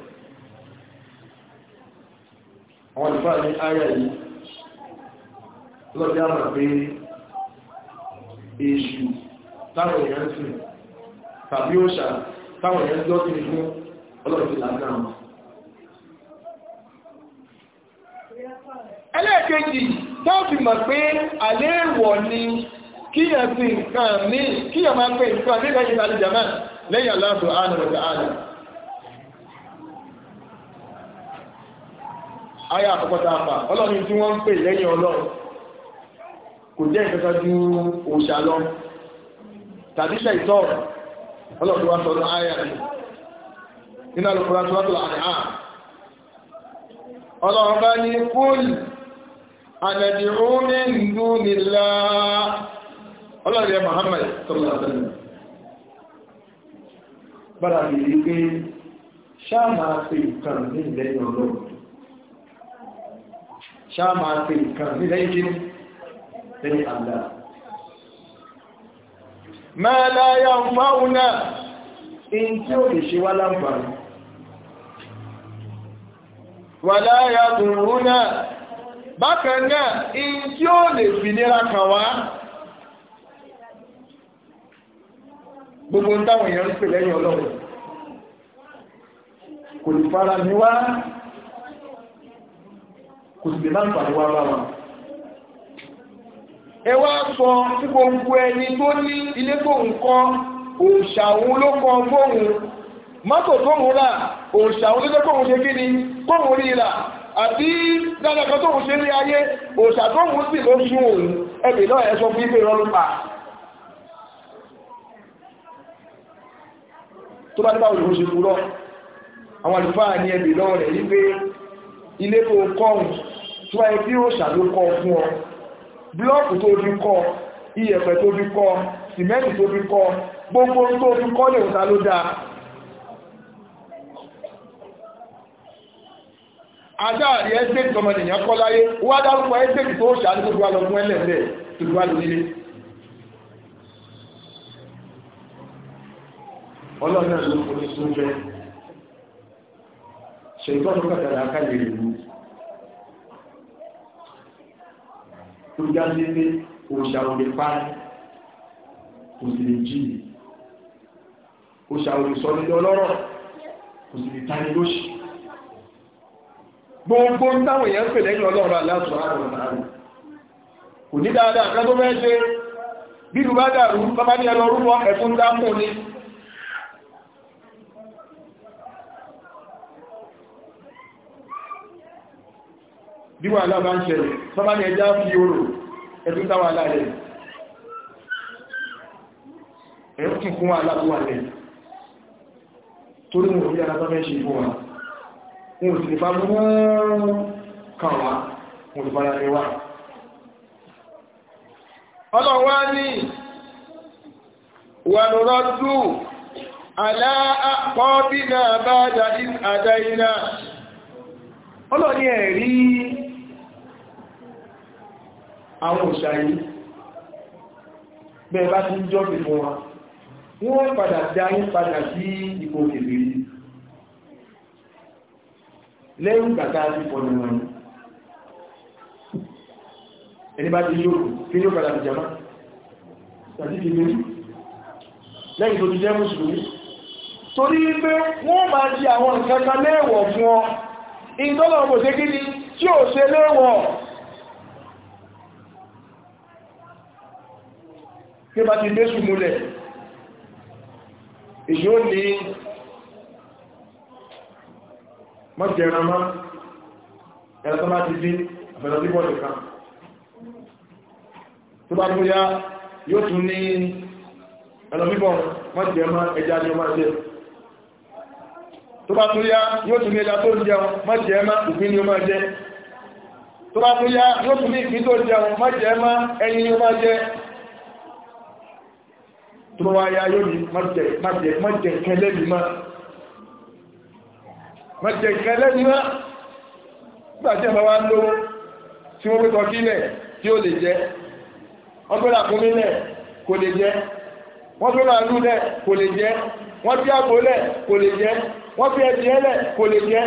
àwọn ìfà ní ayà yìí lọ́jọ́ àmà pé èṣù táwọn èèyàn sì tàbí òṣà táwọn èèyàn jọ́ sí fún ọlọ́ọ̀tí lágbàá ẹlẹ́ẹ̀kejì tó fi mọ̀ pé àléèwọ̀ ni kíyàn sí nǹkan ní kíyàn máa ń pè nǹkan ní lẹ́yìn alìjàmá lẹ́yìn aláàbò ààrùn ayé àkọ́kọ́ta àpà ọlọ́run tí wọ́n ń pè lẹ́yìn ọlọ́run kò jẹ́ ìfẹ́fẹ́ ju òòṣà lọ tàbí ṣàìtọ́ ọlọ́run wá sọ́dọ̀ ayé àti nínú alùpùpù tó wá tó láàrin ọlọ́run bá ní ní ìlú nílá ọlọ́run yẹ gbára pé ṣáà máa fi ṣáà máa ṣe nǹkan ní lẹ́yìn kí ní lẹ́yìn àlá máa láyá fáúnà in tí ó lè ṣe wá láǹfààní wà láyá dùnrúnà bákan náà in tí ó lè fi nira kàn gbogbo ń táwọn èèyàn ń pè lẹ́yìn ọlọ́run kò kò sì lè láǹfààní wá bá wọn ẹ wá sọ sí gbogbo ẹni tó ní ilé tóun kọ́ òòṣà òun ló kọ́ fóun mọ́tò tóun rà òòṣà òun ló jẹ́ kóun ṣe kí ni kóun rí rà àbí dáadáa tóun ṣe rí ayé òòṣà tóun sì ló sún òun ẹbí náà ẹ sọ fún ibi ìrọlùpàá tó bá ní báwọn olùkọ́ ṣe kú lọ àwọn àlùfáà ní ẹbí lọ́wọ́ rẹ̀ wípé ilé tó kọ́hùn tó wáyé bí ó ṣàlókọ́ fún ọ búlọ́ọ̀kù tó fi kọ́ iyẹ̀pẹ̀ tó fi kọ́ sìmẹ́ntì tó fi kọ́ gbogbo tó fi kọ́ lè ta ló dáa adáàrí ẹ́sẹ̀tì ọmọdéyàn kọ́ láyé wá dárúkọ ẹ́sẹ̀tì tó ṣàlókọ́ tó wà lọ fún ẹlẹ́ẹ̀lẹ́ tó wà lórílé ọlọ́run náà ló fún ní súnjẹ́ ṣèjọ́ tó kàtàrà káyè ìlú tó já sí pé òòṣà ò lè parí kò sì gbogbo táwọn èèyàn pè lẹ́yìn ọlọ́run aláṣọ àwọn ọ̀nà rẹ̀ kò ní dáadáa kan tó fẹ́ ṣe bí ìlú bá bí wà lábá ń ṣẹlẹ̀ sọ́bá ní ẹjá fi orò ẹ̀tún táwà láàrẹ̀ ẹ̀rùn kí kún wà látúwà lẹ̀ torí mú orí alábá mẹ́ ṣe fún wa mú sí nípa mú kàn wá mú sí fara rẹwà ọlọ́wà ní wà lọ́rọ́dù aláàpọ̀ bí náà bá dà ní àdáyìnà ọlọ́ni ẹ̀rí àwọn òṣàyí bẹ́ẹ̀ bá ti ń jọ́ fífún wa wọ́n padà dá yín padà sí ipò kèfè yìí lẹ́yìn gbàtà sí pọ̀nà wọn ẹni bá ti yóò kí ní ó padà sí jama tàbí kèfè yìí lẹ́yìn tó ti jẹ́ mùsùlùmí torí pé wọ́n máa di àwọn nǹkan kan léèwọ̀ fún ọ ìdọ́lọ̀ òbòṣe kí ni tí bá ti lésù múlẹ̀ èyí ó ní mọ́jẹ̀rànmá ẹ̀rọ tó bá ti dín àfẹ́lọ́ bí bọ́ọ̀lù kan tó bá tó yá yóò tún ní ẹ̀rọ bíbọ̀ mọ́jẹ̀rànmá ẹja ni ó máa jẹ́ tó bá tó yá yóò tún ní ẹja tó jẹun mọ́jẹ̀rànmá ìpín ni ó máa jẹ́ tó bá tó yá yóò tún ní ìpín tó jẹun mọ́jẹ̀rànmá ẹyin ni ó máa jẹ́ tó bá wáyá yóò ní mọ́jẹ̀ kẹlẹ lẹ́nu ma mọ́jẹ̀ nǹkan lẹ́nu mọ́ nígbà tí ẹ̀mọ́ wá ń lówó tí wọ́n pẹ́tọ́ sílẹ̀ tí ó lè jẹ́ le tó rà kúnmí kò lè jẹ́ wọ́n tó kò lè kò lè fi ẹ̀dìyẹ lẹ̀ kò lè jẹ́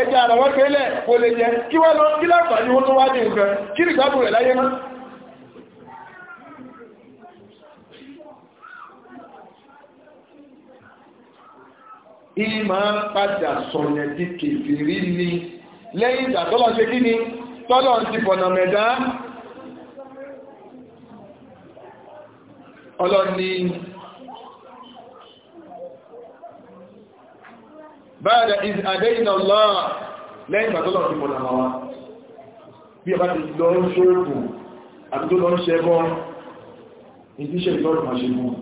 ẹ̀dì àràwọ̀ kẹ́lẹ̀ kò lè jẹ́ kí wọ́n lọ kí láǹfààní wọn tó wá dé nǹkan kí nìkan láyé ní máa ń padà sọ̀yẹ̀ di kèfèrí ni lẹ́yìn ìgbà tọ́lọ̀ ṣe kí ni tọ́lọ̀ ti bọ̀nà mẹ́dá ọlọ́ni báyàdà àdẹ́yìnà lọ́wọ́ lẹ́yìn ìgbà tọ́lọ̀ ti bọ̀nà mọ́wá bí ọba ti lọ ń ṣóògùn àti tó lọ ń ṣẹbọ́ ìdíṣẹ́ ìtọ́rùn-ún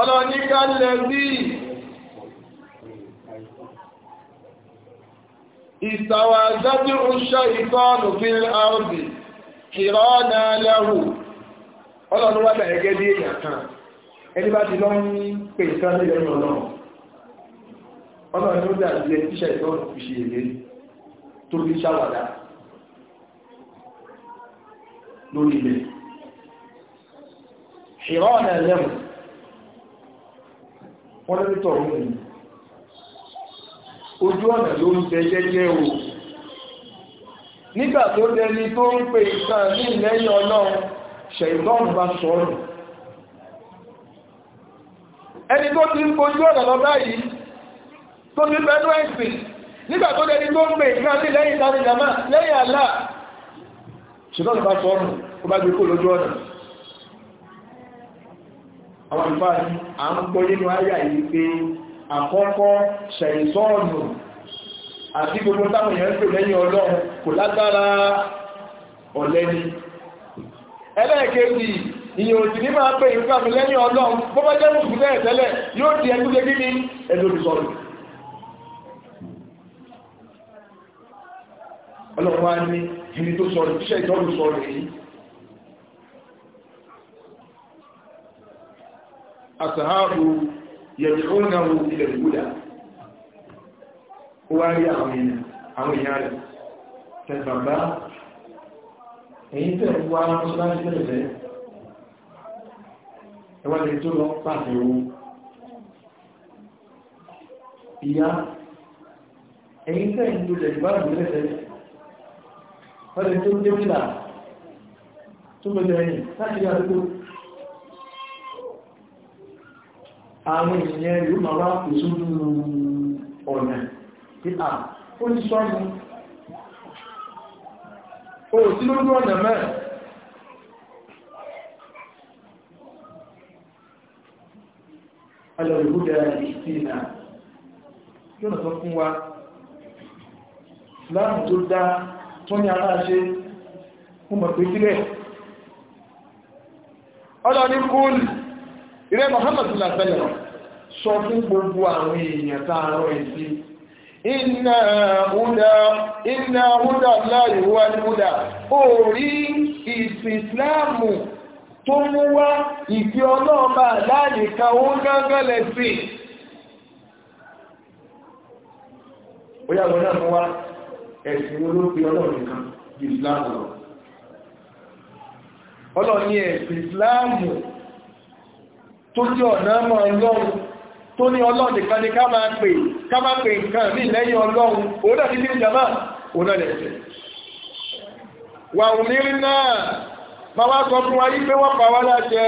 ọlọ́ni kálẹ̀ rí ìsàwà àjájú oṣẹ́ ìkọ́ọ̀nù fi àrùbì kìrọ́ náà lẹ́hù ọlọ́ni wà bẹ̀rẹ̀ gẹ́ bí èèyàn kan ẹni bá ti lọ ń pè ìkan nílẹ̀ ọlọ́run ọlọ́ni ó dàbí ẹ tíṣẹ́ lórí ilẹ̀ kìrọ́ náà lẹ́hù wọ́n lẹ́nu tọ̀ wọ́n ní ojú ọ̀nà ló ń tẹ jẹ́jẹ́ o nígbà tó dẹni tó ń pe nǹkan ní ìlẹ́yìn ọlọ́run ṣèǹtọ́n bá sọ̀rọ̀ ẹni tó ti ń kojú ọ̀nà lọ báyìí tó ti fẹ́ lọ́ ẹ̀sìn nígbà tó dẹni tó ń pe nǹkan ní lẹ́yìn tani jama lẹ́yìn àlá ṣèǹtọ́n bá sọ̀rọ̀ àwọn ìfáà ní à ń gbọ́ nínú àyà yìí pé àkọ́kọ́ ṣẹ̀ìsọ́ọ̀nù àti gbogbo táwọn èèyàn pè lẹ́yìn ọlọ́run kò lágbára ọ̀lẹ́ni ẹlẹ́ẹ̀kejì ìyẹn òsì ní máa pè ìfẹ́ mi lẹ́yìn ọlọ́run bó bá jẹ́ mùsùlùmí ẹ̀tẹ́lẹ̀ yóò di ẹgbẹ́ gẹ́gẹ́ ní ẹlòmìsọ̀rọ̀ ọlọ́run wá ní ẹni tó sọ̀rọ̀ iṣẹ́ ìtọ́lù sọ̀rọ̀ yìí àtàhábù yẹ̀dùnàwò ilẹ̀ ìgbúdà ó wá rí àwọn èèyàn rẹ̀ tẹ̀bàbá èyí tẹ̀ wá mọ́sánásí tẹ̀lẹ̀ ẹwà lè tó lọ pàtẹ owó ìyá èyí tẹ̀ ń lulẹ̀ ìgbàlù lẹ́sẹ̀ wọ́n lè tó dé fìlà tó lọ lẹ́yìn láti rí àwọn ènìyàn yóò máa wá kò sójú ọ̀nà tí a ó ti sọ mú o sí lójú ọ̀nà mẹ́rin alẹ́rìbúdà ìsìnà yóò nà sọ fún wa láàrùn tó dá tó ní aláṣẹ fún mọ̀ pé sílẹ̀ ọlọ́ni kúlù ìrẹ́ Muhammad sallallahu sọ fún gbogbo àwọn èèyàn tá a rán ẹ̀sí iná húdà iná húdà láì wá ní húdà ó rí ìsìn Ìsìláàmù tó mú wá ìfi ọlọ́ọ̀bà láàyè kan ó gángan lẹ́sìn bóyá náà wá ẹ̀sìn olóògbé ọlọ́run nìkan lọ ọlọ́run ní ẹ̀sìn tó jẹ́ ọ̀nà mọ́ ọlọ́run tó ní ọlọ́run nìkan ni ká máa pè ká máa pè nǹkan mí lẹ́yìn ọlọ́run òun náà títí ìjàmá òun náà lẹ́sẹ̀ wà òmìnirí náà máa wá sọ fún wa yí pé wọ́n pa wá láṣẹ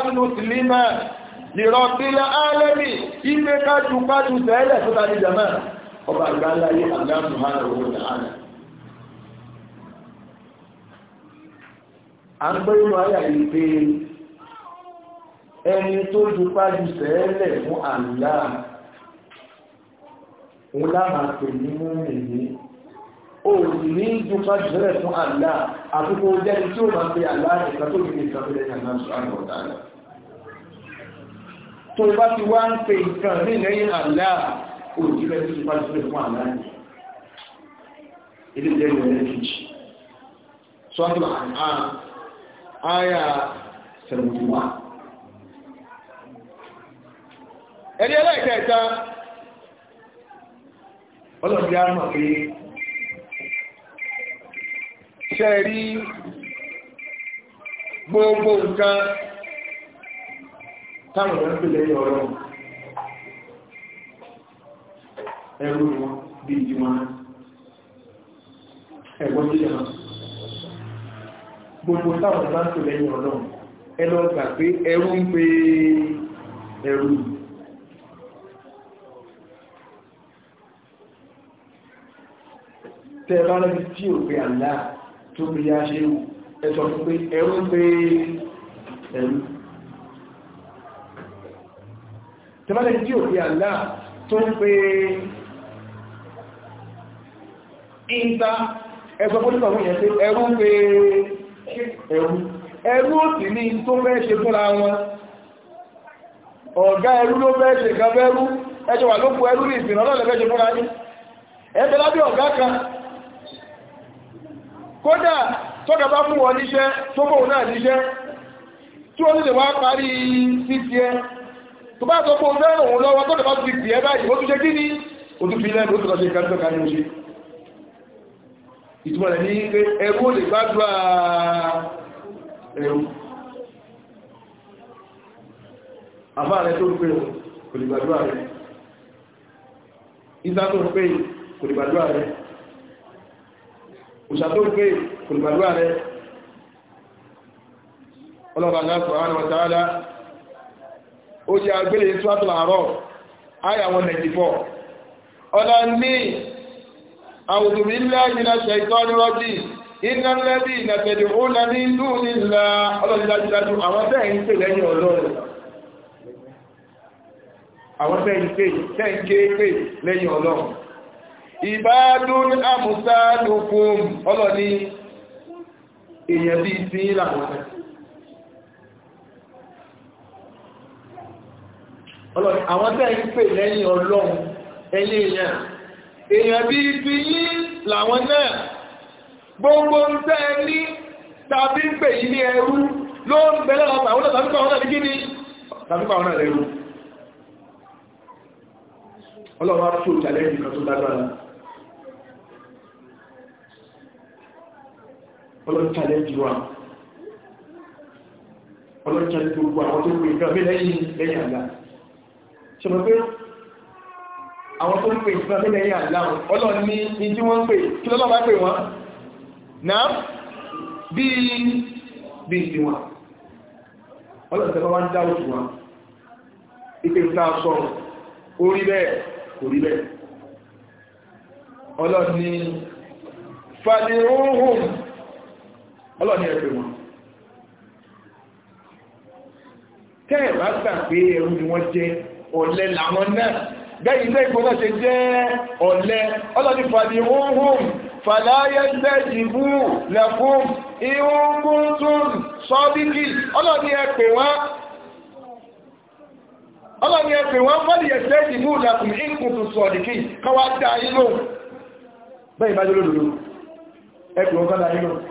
ánú sílímà ìrọ̀bílẹ̀ alẹ́mì ilé kájú kájú sẹ́lẹ̀ tó tàbí jàmá ọba àgbáláyé àdáàmù ha òun dáadáa a ń gbé ẹni tó dupá ju sẹ́ẹ̀lẹ̀ fún àlùlá òun láàmà pè ní múmi ní o sì ní dupá ju sẹ́ẹ̀lẹ̀ fún àlùlá àkókò jẹ́ni tí ó máa pe àlá nìkan tó fi lè sàbẹ̀lẹ̀ ní àlá tó bá ti wá ń pe nǹkan ní lẹ́yìn àlá o tó dupá ju sẹ́ẹ̀lẹ̀ fún àlá ilé jẹ́ ìrẹ̀lẹ̀ kejì sọ́dọ̀ àyà 71 ẹ̀rí ẹlẹ́ẹ̀kẹta ọlọ́dí á mọ̀ pé ṣe rí gbogbo nǹkan táwọn ọ̀rọ̀ ń pè lẹ́yìn ọ̀rọ̀ ẹrù wọn bí i wọn ẹ̀gbọ́n jíjẹ̀ náà gbogbo táwọn ọ̀rọ̀ ń pè lẹ́yìn ọ̀rọ̀ ẹ pé ẹrù ń pè ẹrù tẹ́ bá lẹ́bí tí ò pé àlá tó bí yá ṣe ẹ̀sọ̀ fún pé ẹ̀rù pé ẹ̀rù tẹ́ bá lẹ́bí tí ò pé àlá tó ń pé ìta ẹ̀sọ̀ fún ìgbà fún ìyẹn pé ẹ̀rù pé ẹ̀rù ẹ̀rù ó sì ní tó fẹ́ ṣe fúnra wọn ọ̀gá ẹ̀rù ló fẹ́ ṣe kan fẹ́rú ẹjọ́ wà ló fún ẹ̀rù ní ìsìn ọlọ́lẹ̀fẹ́ ṣe fúnra yín ẹ̀fẹ́ lábẹ́ ọ̀gá kan kódà tọ́dọ̀ bá fún wọn níṣẹ́ tó bóun náà níṣẹ́ tí ó lè wá parí títí ẹ tó bá sọ pé òun fẹ́ràn òun lọ́wọ́ tọ́dọ̀ bá fi bìẹ́ báyìí ó tún ṣe kí ni ó tún fi lẹ́nu ó tún tó pé kò kò lè gbádùá rẹ̀ òṣàtòkè olùgbàdúrà rẹ̀ ọlọ́bà aláàfà àwọn ọ̀tàálá ó jẹ́ agbélé tíwátìlà àárọ̀ ayàwọn 94 ọlá ní àwùdùmí ńlá ìrìnà ṣẹ̀tọ́ nírọ́jì iná lẹ́bí ìnàtẹ̀dẹ̀ ó ní ìlú nílá ọlọ́dìdájúdájú àwọn tẹ́ẹ̀ ń lẹ́yìn ọlọ́run ìbádún àmúsádùkún ọlọ́ni èèyàn bí i tí làwọn ẹ̀ ọlọ́ni àwọn tẹ́ ń pè lẹ́yìn ọlọ́run ẹ̀yìn èèyàn èèyàn bí i tí yí làwọn náà gbogbo ń tẹ́ ní tàbí pè yí ní ẹrú ló ń bẹ̀rẹ̀ ọ̀pàá àwọn tàbí pàwọn náà ní ni tàbí pàwọn náà lẹ́rú ọlọ́run á tó ìjàlẹ́yìn kan tó dágbára ọlọ́chàlẹ́jì wa ọlọ́chàlẹ́jì gbogbo àwọn tó pè nǹkan mẹ́lẹ̀ yìí lẹ́yìn àlá ṣọ̀rọ̀ pé àwọn tó pè nǹkan mẹ́lẹ̀ yìí àlá ọlọ́run ní ìdí wọ́n pè kí lọ́lọ́ bá pè wọ́n náà bí bí ìdí wọn ọlọ́run tẹ́lọ́ wá ń dá òtù wọn ta sọ orí bẹ́ẹ̀ kò rí bẹ́ẹ̀ ọlọ́run ní fàdíhùn ọlọ́ni ẹ̀pẹ̀ wọn tẹ́ẹ̀bá gbà pé ni wọ́n jẹ́ làwọn náà ilé ìgbò náà ṣe jẹ́ ọlọ́ni fàdí ohun fàdáyé gbẹ́jìbú lẹ́fún sọ́bíkì ọlọ́ni wọn ọlọ́ni wọn fọ́lì ìbú lẹ́fún dá bẹ́ẹ̀ wọn fọ́lì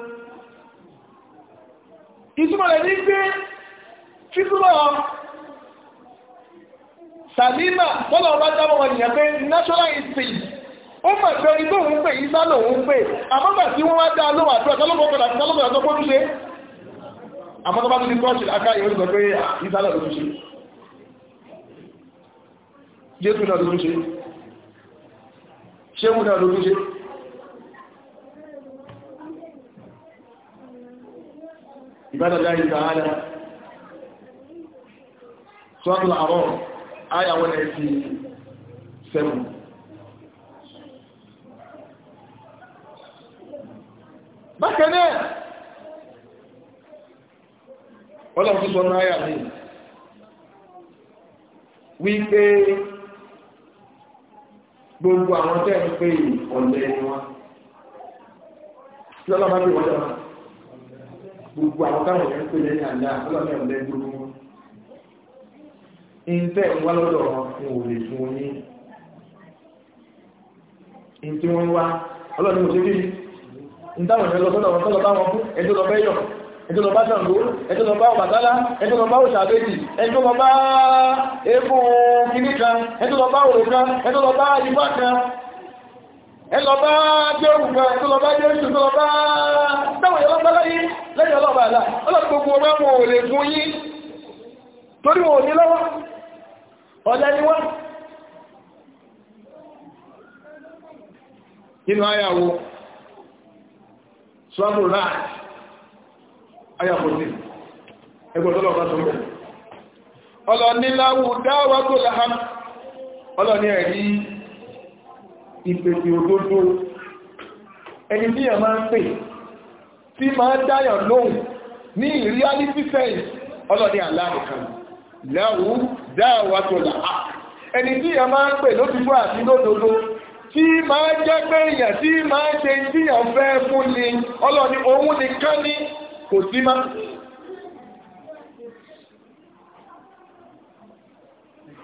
ìtumọ̀ rẹ̀ ní pé fífúrọ̀ sàlímà bọ́lọ̀ ọba dábọ̀ wọn nìyà pé national instinct ó mọ̀ pé orí tóun pè yí sá lòun pè àmọ́gbà tí wọ́n wá dá lóhùn àdúrà tọ́lọ́pọ̀kọ̀dà tọ́lọ́pọ̀dà tó kó عباد الله تعالى سورة الأعراف آية 187 bákan náà ọlọ́run tó sọ náà yà ní wípé gbogbo àwọn tẹ́ ń pè ọ̀lẹ́ wọn tí ọlọ́run bá pè wọ́n jẹ́ wọn gbogbo àwọn táwọn èèyàn ń pè lẹ́yìn àná ọlọ́mọ ẹ̀rọ lẹ́gbẹ́ ló wọn. ìǹtẹ́ ìwá lọ́dọ̀ wọn fún òòlè fún oyin. ìǹtí wọn wá ọlọ́ni mo ṣe kí ni táwọn èèyàn lọ sọ́dọ̀ wọn sọ́dọ̀ táwọn fún ẹjọ́ lọ bẹ́yọ̀ ẹjọ́ lọ bá Ṣàngó ẹjọ́ lọ bá Ọbàtálá ẹjọ́ lọ bá òṣàbẹ́jì ẹjọ́ lọ bá eégún kìnnìkan ẹjọ́ lọ bá òrùkan ẹjọ́ lọ bá ifá kan ẹ lọ bá jẹ́rù kan tó lọ bá jẹ́rù tó lọ bá táwọn ìyọ́lọ́ bá láyé lẹ́yìn ọlọ́ọ̀bà àlà ọlọ́pàá gbogbo ọmọ wọn ò fún yín torí wọn ò ní lọ́wọ́ ni wọ́n nínú ayàwó sọ́dún náà ayàwó sí ẹgbẹ̀rún tó lọ tó làhán ìpèsè òdodo ẹni tí ẹ̀ máa ń pè tí máa ń dáyàn lóhùn ní reality sense ọlọ́dẹ aláàrùkan lẹ́wù dáàwàtọ̀lá ẹni tí ẹ̀ máa ń pè lótìgbọ́ àti lódodo tí máa jẹ́ pé èèyàn tí máa ṣe tíyàn fẹ́ fún ni ọlọ́ni òun nìkan ni kò sí máa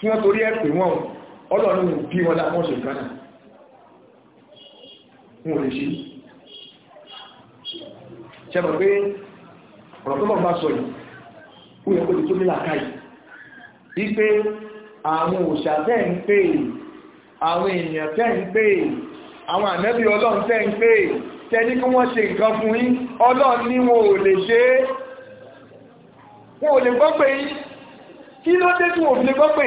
tí wọ́n torí ẹ̀pẹ̀ wọn ọlọ́run bí wọn láwọn ṣe gánà wọn ò lè ṣe ṣẹlọ pé ọ̀rọ̀ tó bọ̀ bá sọ yìí ó yẹ kó ti tó ní làákàyè wípé àwọn òṣà tẹ́ ń pè àwọn èèyàn tẹ́ ń pè àwọn ànẹ́bí ọlọ́run tẹ́ ń pè tẹ́ kí wọ́n ṣe nǹkan fún yín ọlọ́run ní wọn ò lè ṣe é wọn ò lè gbọ́ pé yín kí ló dé tí wọ́n fi lè gbọ́ pé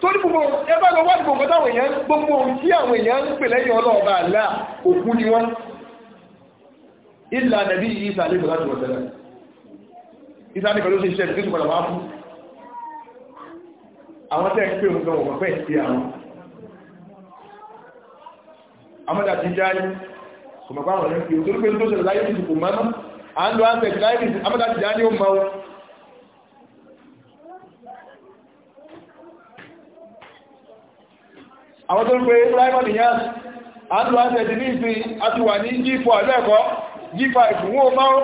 torí gbogbo ẹgbẹ́ lọ wá gbogbo táwọn èèyàn gbogbo ohun tí àwọn èèyàn ń pè lẹ́yìn ọlọ́ọ̀bá àlá òkú ni wọ́n ilà nàbí yìí ìsàlẹ̀ ìgbà láti wọ̀tẹ́lẹ̀ ìsàlẹ̀ ìgbà ló ṣe iṣẹ́ ìdíjú padà wá fún àwọn tẹ́ ń pè ń gan wọ̀n fẹ́ sí àwọn amọ́dà ti jáde kò mọ̀ bá wọn ní pé torí pé ń tó ṣẹlẹ̀ láyé ìdìbò mọ́nà à ń lo àṣẹ ìdáyé àwọn tó ń pe primary yẹn àtúwà àtẹ̀dì ní ìsìn àtúwà ní g4 ẹ̀lẹ́ẹ̀kọ́ g5 wọ́n máa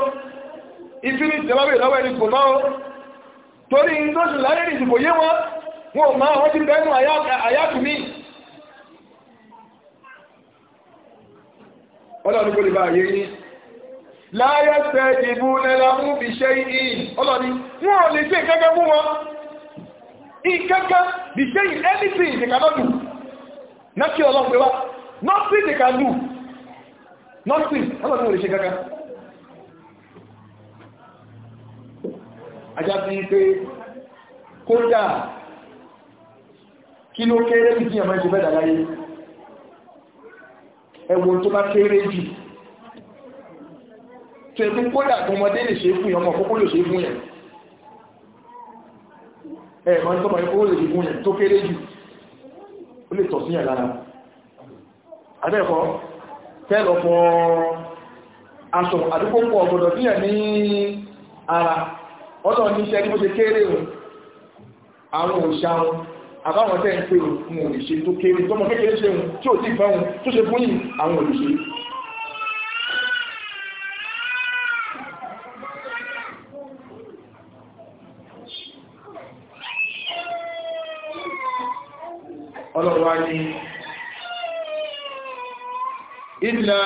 infinity lọ́wọ́ ìlọ́wọ́ ẹni kò máa torí lóṣù láyé ìsìnkò yé wọn wọ́n máa wọ́n ti bẹ́ẹ̀nù àyàtùmí ọlọ́run kò lè bá ayé yìí láyé náà kí ọlọ́run pé wá nothing they can do nothing ọlọ́run ò lè ṣe kankan ajá sí pé kódà kí ló kéré jù kí ẹ̀mọ́ ẹ̀jẹ̀ bẹ́ẹ̀ dàgbáyé ẹ̀wọ̀n tó bá kéré jù tó ẹ̀kú kódà tó ọmọdé lè ṣe fún ọmọ kókó lè ṣe fún yẹn ẹ̀mọ́ tó mọ̀ ẹ̀kó lè ṣe fún yẹn tó kéré jù ó lè tọ̀ síyàn lára abẹ́ẹ̀kọ́ tẹ́lọ fọ aṣọ àdúgbò pọ̀ ọ̀gbọ̀dọ̀ síyàn ní ara ọ̀tọ̀ ní iṣẹ́ ní bó ṣe kéré o àwọn òṣà wọn àbáwọn tẹ́ ń pè wọn ò lè ṣe tó kéré tọmọ kékeré ṣe wọn tí ò tí ì fẹ́ wọn tó ṣe fún yìí àwọn òṣèlú ọlọ́wà ní ìlà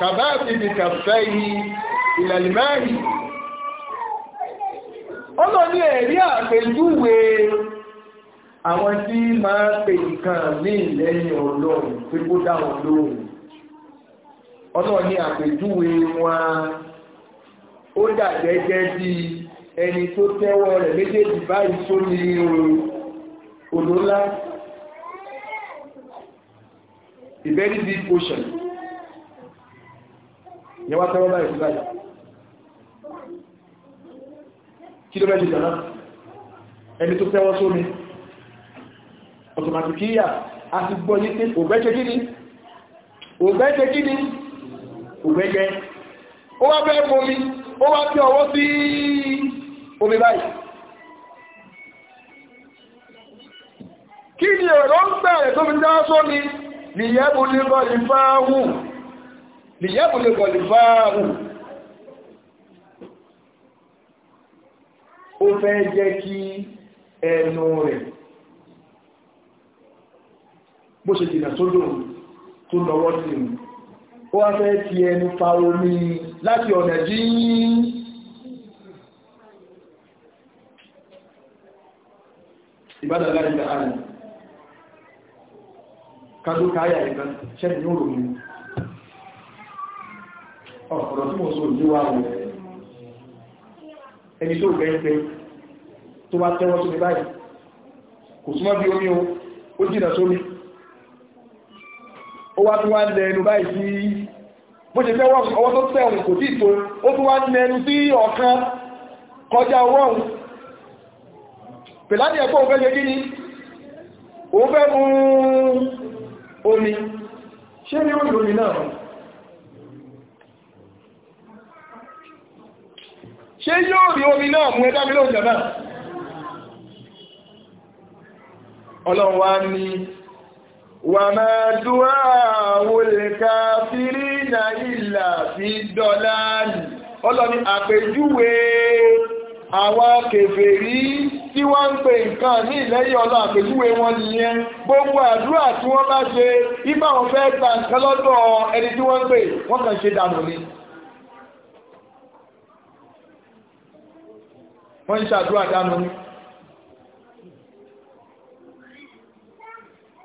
kàbáàtì ní kàfẹ́ yìí ìlàlìmáàrí ọlọ́ ní ẹ̀rí àpèjúwe àwọn tí máa pè nǹkan ní ìlẹ́yìn ọlọ́run tí kó dáwọn lóhùn ọlọ́ ní àpèjúwe wọn ó dà gẹ́gẹ́ bíi ẹni tó tẹ́wọ́ rẹ̀ méjèèjì báyìí tó ní odò ńlá a very deep ocean yẹn wá tẹ́wọ́ báyìí báyìí kí ló mẹ́jì jọ̀nà ẹni tó tẹ́wọ́ sómi ọ̀tọ̀màtìkíyà a ti gbọ́ ní pé ògbẹ́jẹ́ kí ni ògbẹ́jẹ́ kí ni ògbẹ́jẹ́ ó wá bẹ́ẹ̀ mọ́mí ó wá tí ọwọ́ sí omi báyìí kí ni ọ̀rọ̀ ń bẹ̀rẹ̀ tó fi dá sómi lìyẹ́bù lè gọ̀lì fáàhù lìyẹ́bù lè gọ̀lì fáàhù ó fẹ́ jẹ́ kí ẹnu rẹ̀ bó ṣe jìnà tó lò tó lọ́wọ́ sí ó wá fẹ́ ti ẹnu fa omi láti ọ̀nà jíyìn ìbádà láì ìgbà ààrẹ kájú káyà ìgbà ṣẹ́bì ní òrùn ọ̀pọ̀lọ̀ tí mo sọ ìjíwá rẹ̀ ẹni tó gẹ́ẹ̀fẹ́ tó bá tẹ́wọ́ sómi báyìí kò súnmọ́ bí omi ó jìnà sómi ó wá tún wá ń lẹ́nu báyìí sí bó ṣe fẹ́ ọwọ́ tó tẹ̀wọ̀n kò tí tó ó tún wá ń lẹ́nu sí ọ̀kan kọjá ọwọ́ òun pẹ̀láti ẹ̀kọ́ òun fẹ́ ṣe kí ni òun fẹ́ mú omi ṣé ní òun lómi náà ṣé yóò rí omi náà mú ẹgbẹ́ mílò ìjọba ọlọ́run wá ní wà máa dúwà olèka fírí na ìlà fi dọ́lá ọlọ́run àpèjúwe àwọn kèfèrí tí wọ́n ń pe nǹkan ní ìlẹ́yìn ọlọ́ àpèjúwe wọn nìyẹn gbogbo àdúrà tí wọ́n bá ṣe ibà wọn fẹ́ gba nǹkan lọ́dọ̀ ẹni tí wọ́n ń pè wọ́n kàn ṣe dànù ni. wọ́n ń ṣàdúrà dànù ni.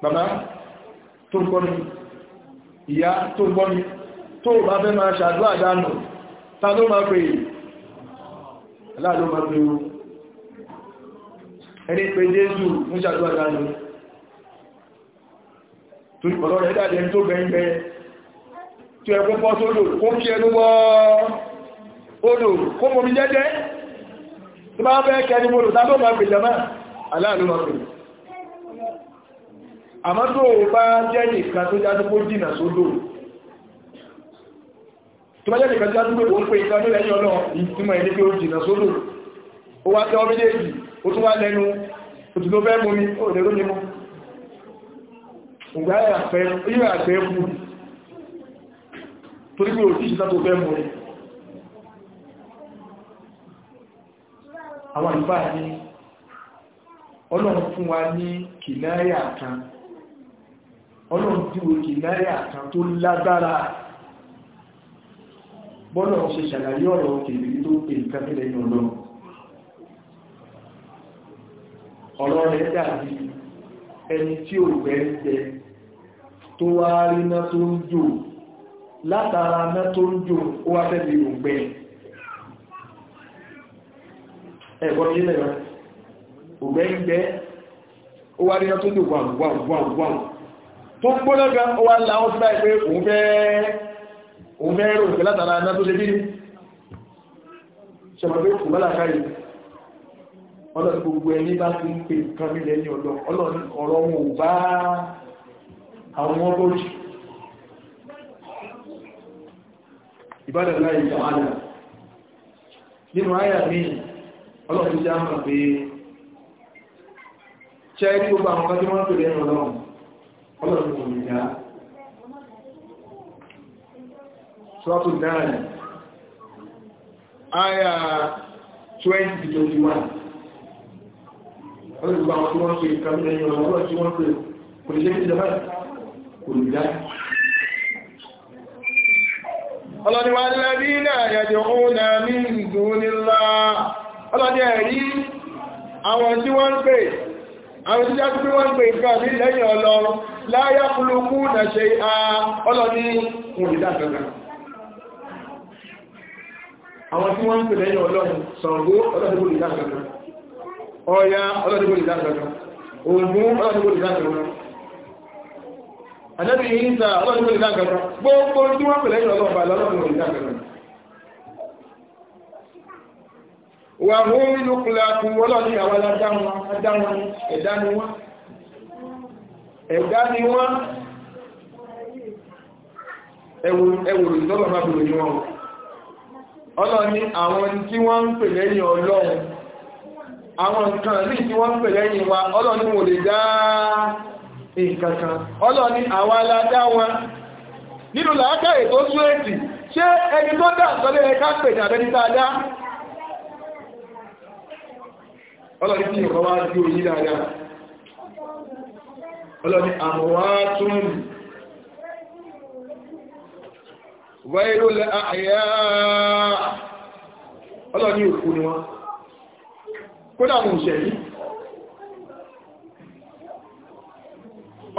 bàbá tó ń gbọ́ mi ìyá tó ń gbọ́ mi tó bá fẹ́ máa ṣàdúrà dànù ta ló máa pè é aláàlú máa pè é ẹni pé jésù ń ṣàdúrà dáadọ́ tó ọ̀rọ̀ rẹ̀ dàbí ẹni tó gbẹ̀ngbẹ̀ tí ẹkùn pọ́ sódò kó kí ẹnu wọ́ odò kó mọ́ mi jẹ́jẹ́ tó bá bẹ́ẹ̀ kẹni mọ́ lò tábọ́ máa pèjọ máa aláàlú máa pèjọ àmọ́ tó bá jẹ́ nìkan tó já tó jìnà sódò tó bá jẹ́ nìkan tó já tó pé ó ń pè ìtàn nílẹ̀ yọ́nà ìtumọ̀ ẹni pé ó jìnà sódò ó wá tẹ́ ọ méjèèjì ó tún wá lẹ́nu òtù ló fẹ́ mú mi ó lè ló ní mú ìgbà ìyà àgbẹ̀ mú torí pé òtí ìṣẹ́ta tó fẹ́ mú rí àwọn àlùfà ní ọlọ́run fún wa ní kìláyà kan ọlọ́run díwò kìláyà kan tó lágbára bọ́lọ̀ ṣe ṣàlàyé ọ̀rọ̀ kèbìrí tó pè nǹkan nílẹ̀ ìrọ̀lọ́run ọ̀rọ̀ rẹ̀ dàbí ẹni tí ò fẹ́ jẹ tó wá rí ná tó ń jò látara ná tó ń jò ó wá tẹ́lẹ̀ ògbẹ́ ẹ̀gbọ́n ní ilẹ̀ rẹ̀ ògbẹ́ ń jẹ́ ó wá rí ná tó ń jò wàwùwàwùwàwù tó ń gbóná gan ọlọ́run gbogbo ẹni bá ti ń pe nǹkan mi lẹ́yìn ọlọ́ ọlọ́run ọ̀rọ̀ wọn ò bá àwọn wọn ìbádà láì ìjọ àdà nínú àyà mi ọlọ́run pé gbogbo àwọn ọmọdé tó ọlọ́run kò 20 21 olùgbà wọn tí wọ́n ṣe ìkàmí ẹ̀yìn ọ̀rọ̀ ọ̀rọ̀ tí wọ́n pè kò lè ṣe ìjọba kò lè dá. ọlọ́ni wa lẹ́bí náà yàjẹ̀ òun náà mí ìdùn nílá ọlọ́ni ẹ̀rí àwọn tí wọ́n pè àwọn tí lẹ́yìn ọlọ láyá kúlùkù náà ṣe a ọlọ́ni kò lè àwọn tí wọ́n pè lẹ́yìn ọlọ́run sọ̀rọ̀ ọlọ́run kò lè ọya ọlọ́dúgbò ìdájọ́ ogun ọlọ́dúgbò ìdájọ́ ànábì ìyíta ọlọ́dúgbò ìdájọ́ gbogbo tí wọ́n pẹ̀lẹ́ ìrọ̀lọ́ ọlọ́ni àwọn tí wọ́n ń pè lẹ́yìn ọlọ́run àwọn nǹkan ní tí wọ́n pè lẹ́yìn wa ọlọ́ni wò lè dá nǹkan ọlọ́ni àwọn aládá wọn nínú làákàyè tó sú ṣé ẹni tó dá àtọ́lé ẹ̀ká pè ní abẹ́ni dáadáa ọlọ́ni tí nǹkan wá sí òyìn dáadáa ọlọ́ni àmọ̀wá tún wẹ́rù lẹ́ ni kódà mú ṣẹ̀rí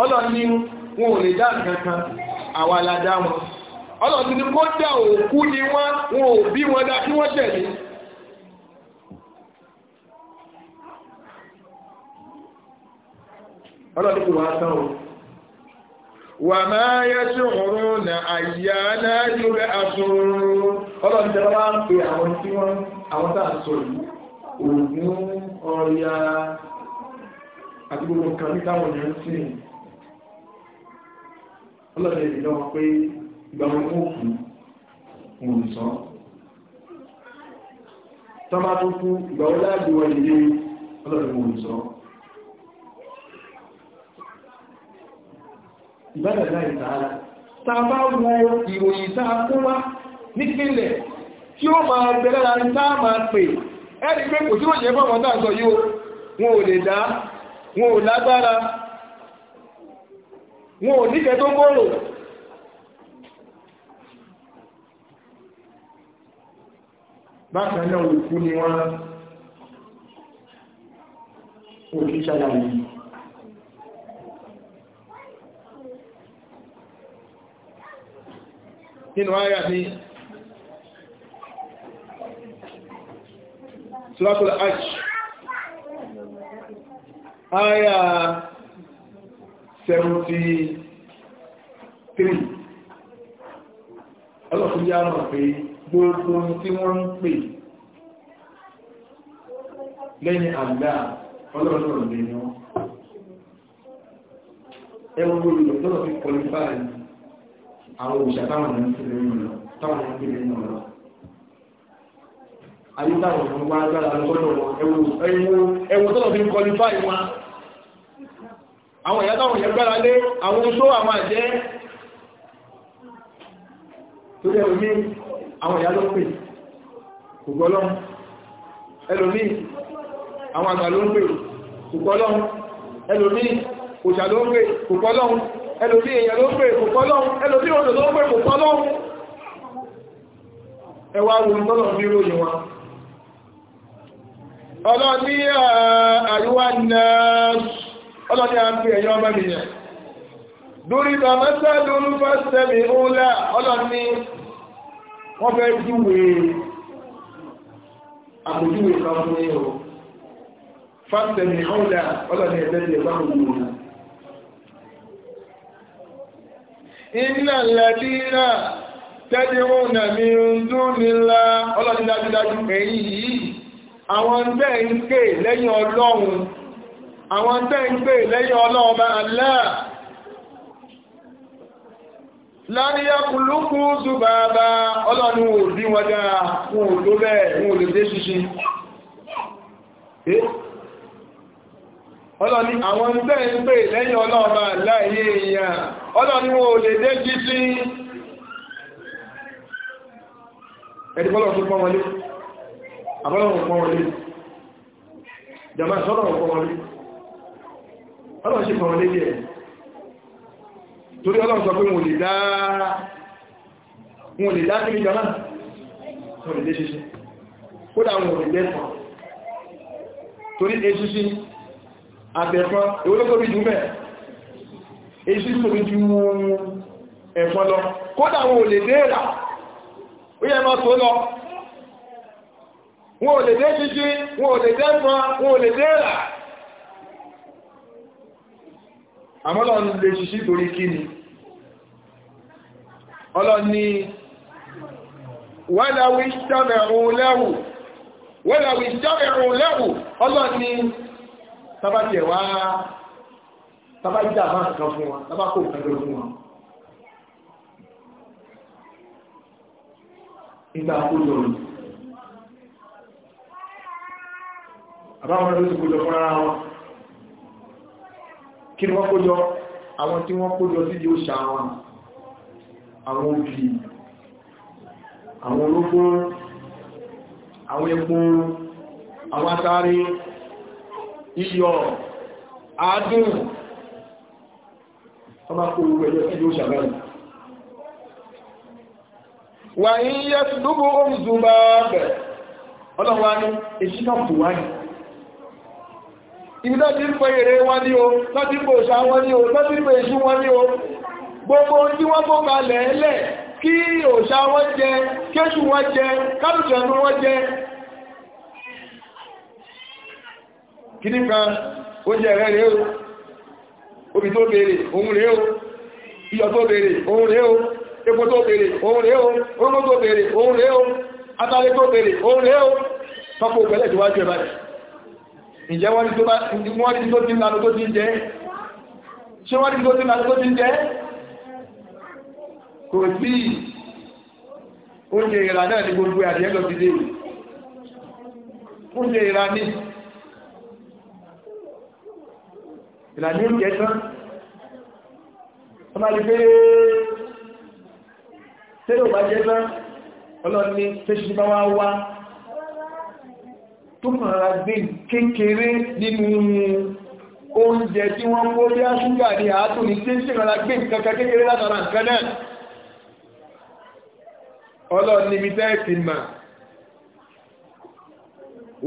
ọlọ́ni wọn ò lè dá kankan awa la wọn ọlọ́ni ni kó dá òkú ni wọ́n wọn ò bí wọn dá kí wọ́n ṣẹ̀rí ọlọ́ni kò wá wà máa tí òun na náà yóò rẹ̀ ọlọ́ni tẹ́lá wá ń pè àwọn tí wọ́n àwọn sọ ògùn ọ̀yà àti gbogbo nǹkan ní táwọn èèyàn sì ń ọlọ́dẹ ìdílé wọn pé ìgbà wọn mú òkú wọn ò sọ tọ́mà tó kú ìgbà wọn láàbí wọn ìdílé ọlọ́dẹ wọn ò sọ ìbádà wo ìròyìn tá wá nípínlẹ̀ tí ó máa gbẹ̀rẹ̀ láti tá pè ẹ̀rí pé kò síwòye fọ́mọ̀ náà sọ yóò wọn ò lè dá wọn ò lágbára wọn ò níkẹ́ tó gbòòrò bákan náà òkú ni wọ́n òkú ṣàlàyé nínú ayà ni suratul hajj aya 73 ọlọ́kùnjẹ́ àrùn pé gbogbo tí wọ́n ń pè lẹ́yìn àgbà ọlọ́run lè yàn ẹwọ́n gbogbo lọ́wọ́ fi kọlifáì àwọn òṣà táwọn ọ̀nà ń fi lẹ́yìn lọ ayétàwọn ọmọ wá agbára lọ́dọ̀ ẹwọ tọ́lọ̀ fi ń kọlifáì wọn àwọn ìyátàwọn yẹ gbára lé àwọn oṣó àwọn àjẹ́ tó jẹ́ omi àwọn ìyá ló pè ògbọ́lọ́ ẹlòmí àwọn àgbà ló ń pè ògbọ́lọ́ ẹlòmí òṣà ló ń pè ògbọ́lọ́ ẹlòmí èèyàn ló ń pè ògbọ́lọ́ ẹlòmí òṣà ló ń pè ògbọ́lọ́ ẹwà wo tọ́lọ̀ fi ròyìn wọn ọlọ́ni àríwá ọlọ́ni a ń pè ẹ̀yọ́ ọmọ ènìyàn lórí ìgbà mẹ́sàdó ń ńlá ọlọ́ni wọ́n fẹ́ júwe àpòjúwe kan ńlá ọlọ́ni ẹ̀lẹ́dẹ̀ẹ́ bá gbogbo wọn iná lẹ́dínà tẹ́dínwó nàmí ń dún àwọn tẹ́ ń pè lẹ́yìn ọlọ́run àwọn tẹ́ ń pè lẹ́yìn ọlọ́run bá aláà láríyá kùlùkù zùbàbà ọlọ́run ò bí wọn dáa wọn ò ló bẹ́ẹ̀ wọn ò lè dé ṣiṣin ọlọ́ni àwọn ń bẹ́ ń pè lẹ́yìn tó eh? pọ́n wọlé àbọ́lọ́wọ̀ pọ̀ wọlé jama sọ́lọ́wọ̀ pọ̀ wọlé ọlọ́wọ̀ sí pọ̀ wọlé jẹ́ torí ọlọ́wọ̀ sọ pé wọ́n lè dáa wọ́n lè dáa kí jama wọ́n lè dé ṣíṣe kódà wọ́n lè dẹ́fọ́ torí eṣíṣí àtẹ̀fọ́ ewolókòrí jù mẹ́ eṣíṣí tóbi ju ẹ̀fọ́ lọ kódà wọ́n lè dé rà wọn ò lè dé títí wọn ò lè dé mọ wọn ò lè dé rà àmọ́ lọ́n lè ṣiṣí torí kí ni ọlọ́ni wọ́láwí jọ́mẹ̀rún lẹ́wù wọ́láwí jọ́mẹ̀rún lẹ́wù ọlọ́ni tàbátì ẹ̀wà tàbátì àmà kan fún wa tàbákò kẹjọ fún wa ìgbà àkójọ rẹ̀ àbáwọn ló ti kójọ fún ara wọn kí ni wọ́n kójọ àwọn tí wọ́n kójọ sí di òṣà wọn àwọn òbí àwọn olóko àwọn epo àwọn atari iyọ̀ adùn ọmọ kó gbogbo ẹjọ́ sí di òṣà báyìí wà ní yẹ́ lóbo ohun zùmbà bẹ̀ ọlọ́wọ́ ní èṣíkà bùwá ibi tó ti ń pè èrè wọn ní o tó ti pè òṣà wọn ní o tó ti pè èṣù wọn ní o gbogbo tí wọ́n kó kalẹ̀ ẹlẹ̀ kí òṣà wọn jẹ kéṣù wọn jẹ kálùsẹ̀nù wọn jẹ kìdí kan ó jẹ rẹ̀ rẹ̀ o obì tó bèèrè òun rẹ̀ o iyọ̀ tó bèèrè òun rẹ̀ o epo tó bèèrè òun rẹ̀ o orúkọ tó bèèrè òun rẹ̀ o atálé tó bèèrè òun rẹ̀ o tọ́pọ̀ ògbẹ́lẹ̀ tí wájú ẹ̀ báyìí ǹjẹ́ wọ́n rí tó ti lánà tó ti jẹ́ ṣé wọ́n rí tó ti lánà tó ti jẹ́ kò sí oúnjẹ ìrà náà ní gbogbo àdìẹ́ lọ sí dé oúnjẹ ìrà ní ìrà ní oúnjẹ tán ọmọ àdìgbé tẹ́lẹ̀ ò tán ọlọ́ni tẹ́ṣin bá wá wá tó máa gbé kékeré nínú oúnjẹ tí wọ́n kó bí áṣúgbà ní àátò ní tí ṣe rárá gbé nǹkan kékeré látara nǹkan náà ọlọ́run níbi tẹ́ẹ̀tì mà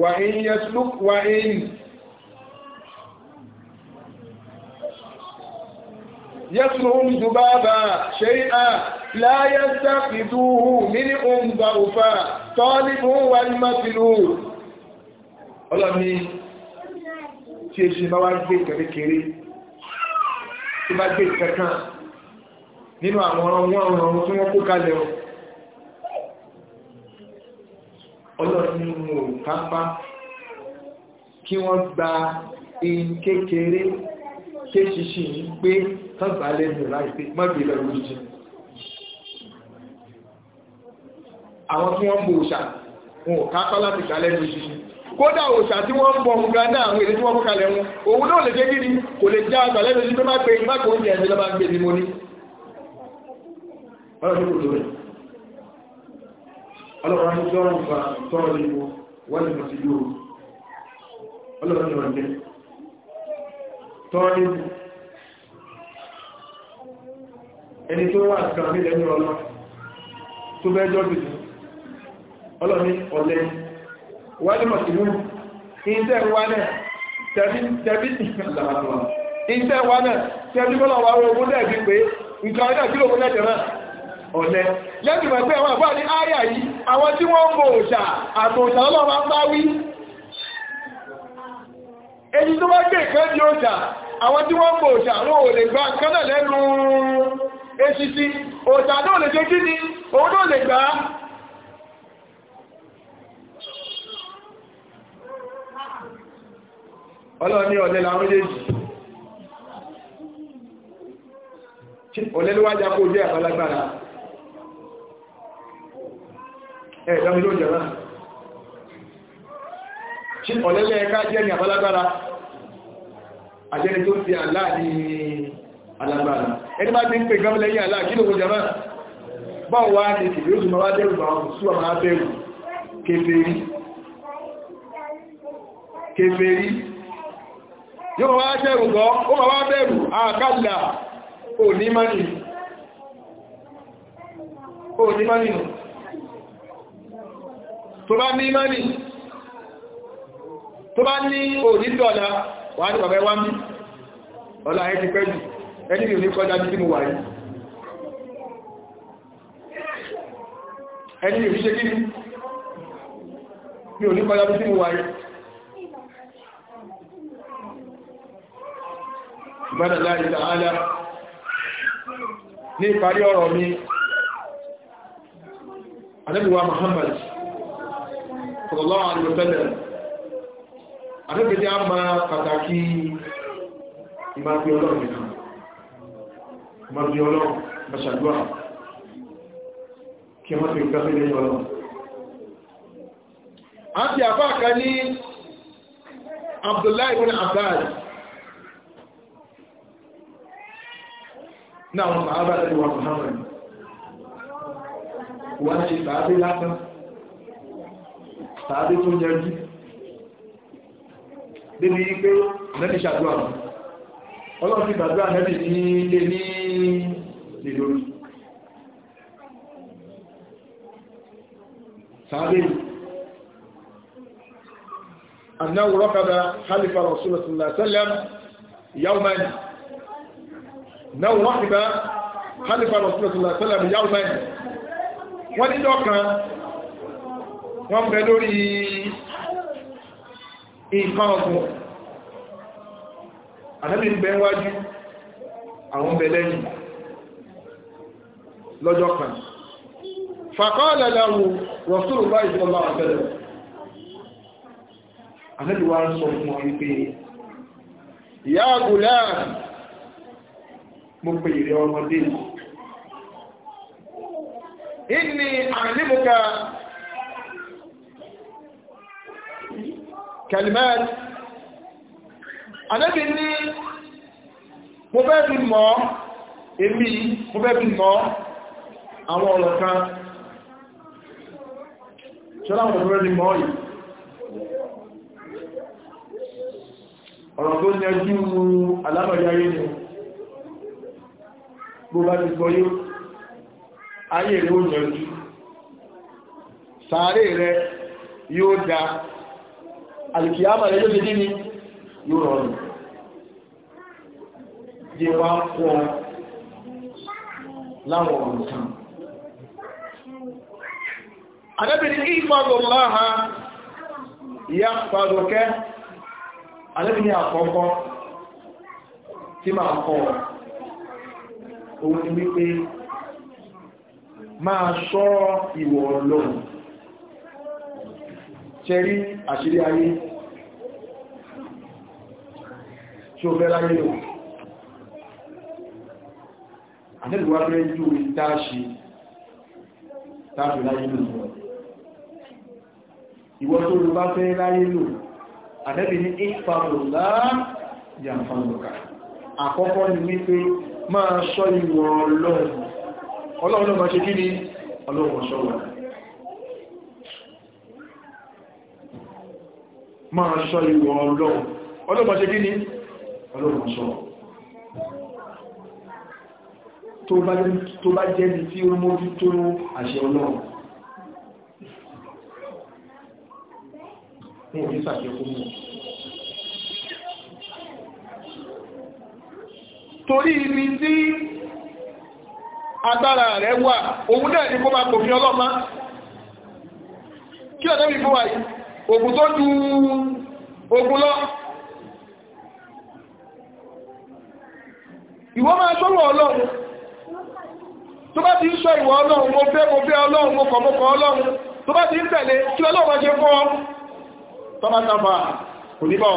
wà ń yasluk wà ń يسرهم ذبابا شيئا لا يستخدموه من أم ضعفا طالبه والمسلوب ọlọ́ni tí èsì bá wá gbé kékeré tí bá gbé kankan nínú àwọn ọmọ ọ̀run tí wọ́n kó kalẹ̀ o ọlọ́ni mo kápá kí wọ́n gba in kékeré kéṣì sì ń gbé tọ́gbà lẹ́nu láìpẹ́ mọ́bí lọ́rọ̀ jíjìn àwọn tí wọ́n bò wọn ò kápá láti gbà lẹ́nu jíjìn kódà òòṣà tí wọ́n ń bọ̀ ọ̀hún gan àwọn èdè tí wọ́n mú wọn òun náà lè jẹ́ kí ni kò lè já àgbà lẹ́nu tí tó bá pe ìgbà ẹ̀sìn lọ́ba gbé ni mo ní. ọlọ́run tó bẹ́ẹ̀ jọ́ bìtì ọlọ́run ọ̀lẹ́yìn wani masilu iṣẹ́ wa náà tẹ̀bí tẹ̀bí iṣẹ́ lẹ́ẹ̀bí pé nǹkan náà kí lóògùn lẹ́ẹ̀tẹ̀ náà ọ̀lẹ́ lẹ́bí mọ̀ pé àwọn àbá ní áyà yìí àwọn tí wọ́n mọ̀ ọlọ́run ní ọ̀lẹ́ làwọn méjèèjì ọ̀lẹ́ ló wájá kó jẹ́ àbálágbára ẹ̀ẹ̀dọ́mí ló jẹ́ náà ṣí ọ̀lẹ́ lẹ́ẹ̀ká jẹ́ ní àbálágbára àjẹ́ni tó ti àlá ní alágbára ẹni bá ti ń pè gọ́mìlẹ̀ yìí àlá kí ló jẹ́ náà báwọn wá ní kìí ó jùmọ́ wá dẹ́rù bá wọn sú àmà kéferí yóò máa wá ṣẹ́rù gọ́ ó máa wá bẹ̀rù àkàlà onímánì onímánì tó bá ní mánì tó bá ní onídọ́lá wà ní bàbá wámi ọlá ẹ ti pẹ́jù ẹni bí ní kọjá bí mo wà yìí ẹni bí ṣe kí ni mi ò ní kọjá bí mo wà yìí ìbádà láàrin tààlà ní ìparí ọ̀rọ̀ mi anábíwá Muhammad sallallahu alaihi wasallam anábìdí a máa pàtàkì ìmábí ọlọ́run nìkan ìmábí ọlọ́run mẹ́ṣàdúwà kí wọ́n fi gbáfẹ́ lẹ́yìn ọlọ́run a ti àfáà kan ní Abdullahi ní àwọn sàábà tẹ́lẹ̀ wà Muhammad wọ́n ṣe sàábé lásán sàábé tó yẹjú débi pé nẹ́bí ṣàdúrà ọlọ́run ti gbàdúrà nẹ́bí ní ilé ní ìlórí sàábé أنه ركب خلف رسول الله صلى الله عليه وسلم يوما náà wọ́n ti bá halifa rasulullah sallam yàwó náà wọ́n ní dọ́kan wọ́n bẹ lórí nǹkan ọ̀gbọ̀n ànábì ń bẹ wájú àwọn bẹ lẹ́yìn lọ́jọ́ kan faqala lahu rasulullah sallallahu alaihi wá ń sọ fún wọn mo pè ìrẹ ọmọdé inni àlímùka kalimat anábi ní mo fẹ́ fi mọ̀ èmi mo fẹ́ fi mọ̀ àwọn ọ̀rọ̀ kan ṣọ́lá àwọn ọ̀rọ̀ ni mọ́ yìí ọ̀rọ̀ tó yẹjú alámọ̀yáyé ni bó bá ti sọ yóò ayé rẹ̀ ó yẹnjú sàárè rẹ̀ yóò da alìkìyàmà rẹ̀ yóò ṣe kíni yóò rọrùn jẹ wá pọ̀ láwọn ọ̀rùn Adébìnrin ìfàdọ̀ láha ìyá fàdọ̀ kẹ́, adébìnrin àkọ́kọ́ tí máa kọ́ wọn òun ni wípé máa ṣọ́ ìwọ̀ ọlọ́run ṣẹ́rí àṣírí ayé tí ó fẹ́ láyé lọ àtẹ́lùwà fẹ́ jú ìtaṣì táàfì láyé lọ ìwọ tó lọ bá fẹ́ láyé lọ àtẹ́bì ní ìfàmùlá yàmfàmùlá àkọ́kọ́ ni wípé máa ṣọ́ ìwọ ọlọ́run ọlọ́run ló máa ṣe kí ni ọlọ́run ṣọ́ wa máa ṣọ́ ìwọ ọlọ́run ọlọ́run máa ṣe kí ni ọlọ́run ṣọ́ wa tó bá jẹ́ ní tí ó mójú tó àṣẹ ọlọ́run mú ní sàṣẹ́kú mú torí ibi tí agbára rẹ̀ wà òun náà ní kó máa kò fi ọlọ́mà kí ọ̀dọ́ mi fún wa yìí ògùn tó ju ogun lọ ìwọ máa sọ́wọ́ ọlọ́run tó bá ti ń sọ ìwọ ọlọ́run mo fẹ́ mo fẹ́ ọlọ́run mo kọ̀ mo kọ̀ ọlọ́run tó bá ti ń tẹ̀lé kí ọlọ́run ṣe fọ́ tọ́bátàbà kò ní bá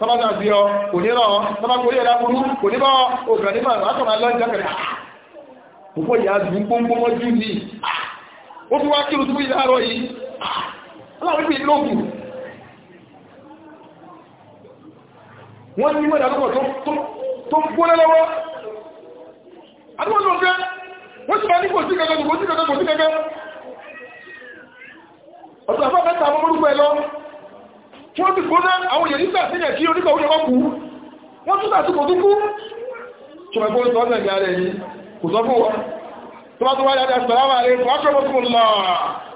tọ́bátà sí ọ kò ní rán ọ tọ́bátà orí ẹ̀dá burú kò ní bá ògùn nípa látọ̀mà lọ́jọ́ kẹrẹ òpó ìyá dùn gbogbo mọ́jú ní ó fi wá kílù túbú ìyá rọ yìí aláwọ̀ ìpín lóògùn wọ́n ní mọ́dà lọ́pọ̀ tó gbóná lọ́wọ́ adúgbò tó fẹ́ wọ́n ti bá ní kò sí kẹ́kẹ́ kò sí kẹ́kẹ́ kò sí kẹ́kẹ́ ọ̀tọ̀ àfẹ́ mẹ́ta ọmọ orúkọ ẹ̀ lọ tí wọ́n ti gbóná àwọn èèyàn nígbà sílẹ̀ tí onígbà ó yẹ wọ́n kú wọ́n tún tà sí kò tún kú ṣọ̀pẹ̀kọ́ sọ ọ́nà ìyá rẹ̀ yìí kò sọ fún wa tó bá tó wáyé adé àṣàláwà rẹ̀ fún akọ́bọ̀kùn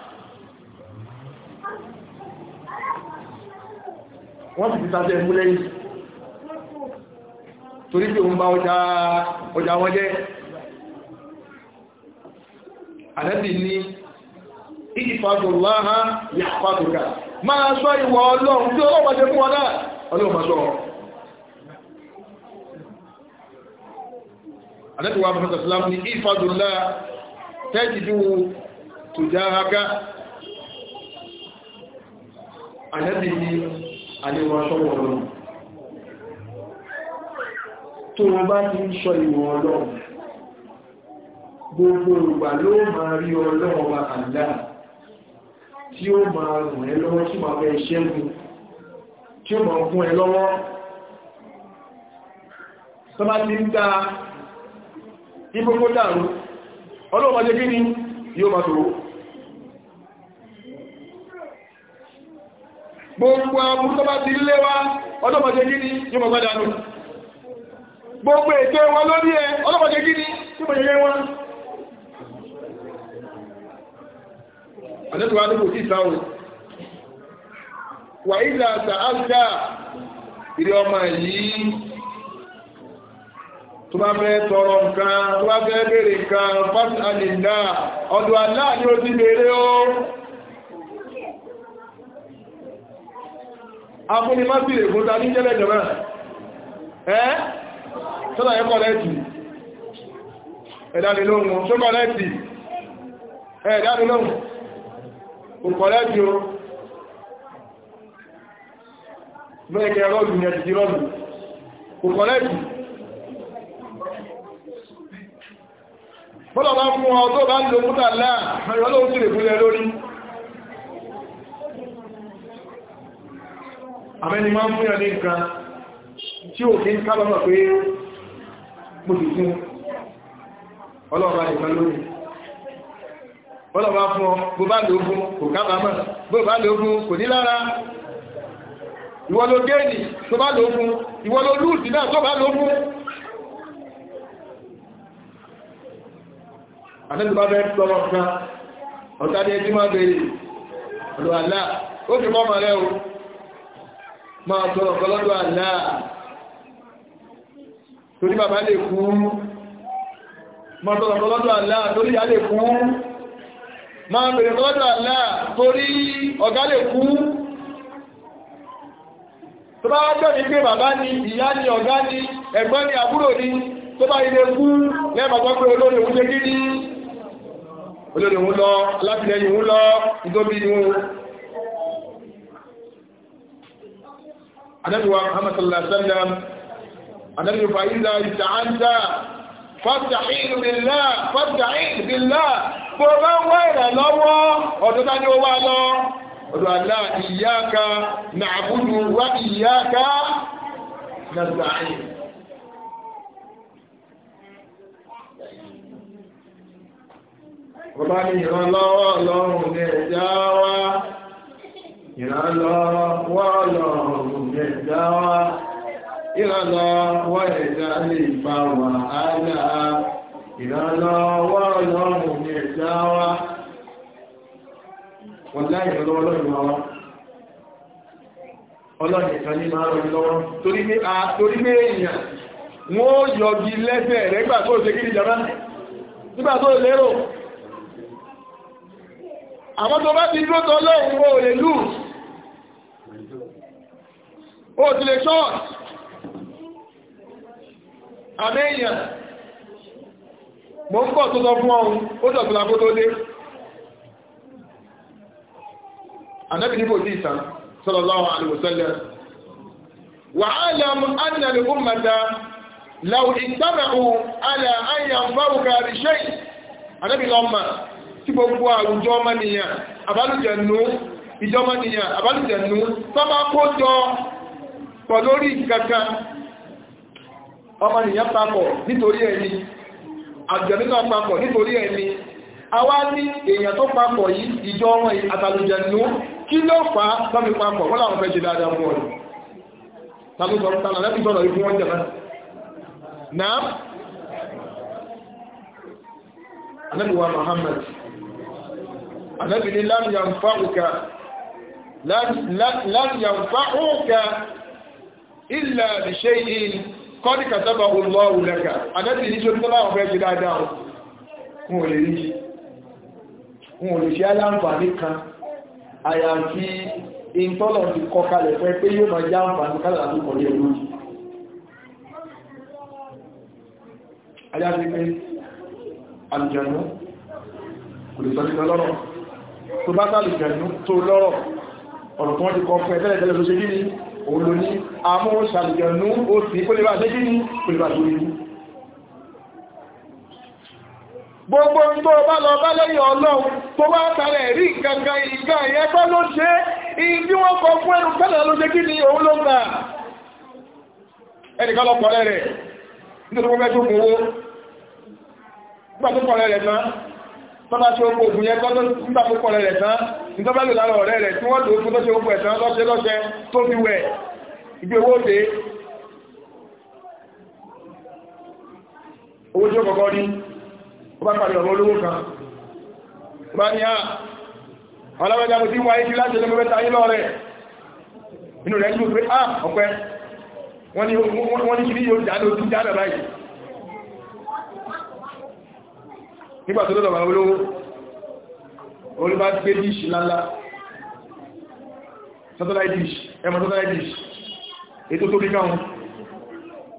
máa sọ ìwọ ọlọ́run tí ọlọ́run bá ṣe fún wọn náà ọlọ́run máa sọ wọn. àdẹ́tùwà mọ́sán islam ní ìfàdùnlá tẹ́jìdú tùjáhaka àdẹ́bì ní àdẹ́wà sọ́wọ́ ọlọ́run tó wọ́n bá ti ń sọ ìwọ ọlọ́run gbogbo ìgbà ló máa rí ọlọ́run wa àdáà tí ó ma rùn ẹ lọ́wọ́ tí ma fẹ́ tí ó ma fún ẹ lọ́wọ́ sọba ti ń dáa ní dáàrù ọlọ́wọ́ máa jẹ́ ma tòrò gbogbo àwọn sọba ti léwá gbogbo ètò wọn lórí ẹ àdẹ́bí wa ní kò sí ìsáwò wà ìlà sàáfíà ọmọ yìí tó bá tọrọ nǹkan tó bá fẹ́ béèrè nǹkan fásitì ọdún àlá ni ti béèrè afúnni má ta ní jẹ́lẹ̀ sọ́dọ̀ ẹ̀kọ́ lẹ́tì ẹ̀dá òkọ̀ lẹ́bí o mẹ́ẹ̀kẹ́ rọ́dù ní ẹ̀dìdì rọ́dù òkọ̀ lẹ́bí bọ́lọ̀ bá fún ọ tó bá ń lo mútà láà mẹ́rin ọlọ́run sí lè fúnlẹ̀ lórí àmẹ́ni máa ń múyàn ní nǹkan tí ò kí ń kábàmọ̀ pé mo sì fún ọlọ́run bá nìkan lónìí bọ́lọ̀ bá fún ọ bó bá lò fún kò kábàámọ̀ bó bá lò fún kò ní lára ìwọ ló géènì tó bá lò fún ìwọ ló lùsì náà tó bá lò fún àtẹ́tù bá bẹ́ẹ̀ tọ́lọ̀ kan ọ̀tá ní ẹjú máa bèèrè ọ̀dọ̀ àlá ó fi mọ́ màrẹ́ o máa tọrọ kọlọ́dọ̀ àlá torí bàbá lè kú máa tọrọ kọlọ́dọ̀ àlá torí ìyá lè kú máa bèrè lọ́dọ̀ àlá torí ọ̀gá lè kú tó bá jọ ní pé bàbá ni ìyá ni ọ̀gá ni ẹ̀gbọ́n ni àbúrò ni tó bá ilé kú lẹ́bàtọ́ pé olóòrè òun lé gidi olóòrè òun lọ alátìlẹyìn òun lọ ìdóbi òun adájúwa Muhammad sallallahu alaihi wasallam adájú fàyílá ìtàáńtà billah fàtàín billah bó bá ń wá ìrànlọ́wọ́ ọ̀dọ̀ tá ni ó wá lọ ọ̀dọ̀ àlá iyyaka na'budu wa iyyaka nasta'in. ìrànlọ́wọ́ ọlọ́run ní ẹ̀dá ìrànlọ́wọ́ ọlọ́run ní ẹ̀dá wa wọ́n láì lọ́wọ́ ọlọ́run wa ọlọ́run ìkan ní máa rọrùn lọ́wọ́ torí pé èèyàn wọ́n yọgi lẹ́sẹ̀ rẹ̀ gbà tó ṣe kí ìjọba nígbà tó lérò àwọn tó bá ti mo ń bọ̀ tó sọ fún ọ̀hún ó dọ̀tún lábó tó dé ànábì níbo sí ìtàn sallallahu alaihi wasallam wa alam anna al ummata law ijtama'u ala an yanfa'uka bi shay' ànábì lọ́mà tí gbogbo àwùjọ ọmọnìyàn àbálùjẹ̀nú ìjọmọnìyàn àbálùjẹ̀nú tọ́bá kó jọ pọ̀ lórí kankan ọmọnìyàn papọ̀ nítorí ẹni àjẹ̀mí náà papọ̀ nítorí ẹni àwa ní èèyàn tó papọ̀ yìí ìjọ wọn àtàlùjẹ̀nú kí ló fà á lọ́mi papọ̀ wọ́n láwọn fẹ́ ṣe dáadáa fún ọ̀rọ̀ tàbí sọ̀rọ̀ tàbí lẹ́bí sọ̀rọ̀ ikú wọ́n jẹ̀mẹ́ náà anábìwá Muhammad anábì ní láàmìyànfáhùkà bi shay'in kọ́dí kàtàbà olóòwò lẹ́gà àdẹ́bì ní ṣorí tọ́lá ọ̀fẹ́ ṣe dáadáa kún ò lè rí kún ò lè ṣe aláǹfààní kan àyàfi ìntọ́lọ̀ ti kọ kalẹ̀ pẹ́ pé yóò máa já àǹfààní kálà tó kọ̀ lẹ́rú àyàfi pé àlùjànú kò lè sọ nípa lọ́rọ̀ tó bá sàlùjànú tó lọ́rọ̀ ọ̀rọ̀ tó wọ́n ti kọ fẹ́ tẹ́lẹ̀ tẹ́lẹ̀ tó ṣe kí ni òun ló ní àmọ́ ṣàlùjọ̀nú ó sì kó lè bá ṣe kí ní kó lè bá tó rí gbogbo tó bá lọ bá lẹ́yìn ọlọ́run tó wá kàrẹ̀ rí kankan ìgbà ìyẹn tó ló ṣe ìdí wọ́n kọ fún ẹnu tẹ́lẹ̀ ló ṣe kí ni òun ló gbà ẹnìkan lọ kọ̀rẹ́ rẹ̀ nítorí wọ́n fẹ́ tó mú owó nígbà tó kọ̀rẹ́ rẹ̀ tán tọ́lá ìjọba lò lára ọ̀rẹ́ rẹ̀ tí wọ́n lò fún lọ́ṣẹ́ ogun ẹ̀sán lọ́ṣẹ́ lọ́ṣẹ́ tó fi wẹ̀ ìgbé owó dé owó tí ó kọ̀kọ́ rí ó bá pàdé ọmọ olówó kan ó bá ní ah, à ọlọ́wẹ́dá mo ti wá ikú láti ẹlẹ́mọ́ mẹ́ta ayé lọ́rẹ̀ inú rẹ̀ ló pé à ah, ọ̀pẹ́ wọ́n ní kí ní yóò jáde ojú jáde báyìí nígbà tó lọ́dọ̀ orí bá gbé díṣì lálá satellite dish ẹmọ satellite dish ètò tó kíkà wọn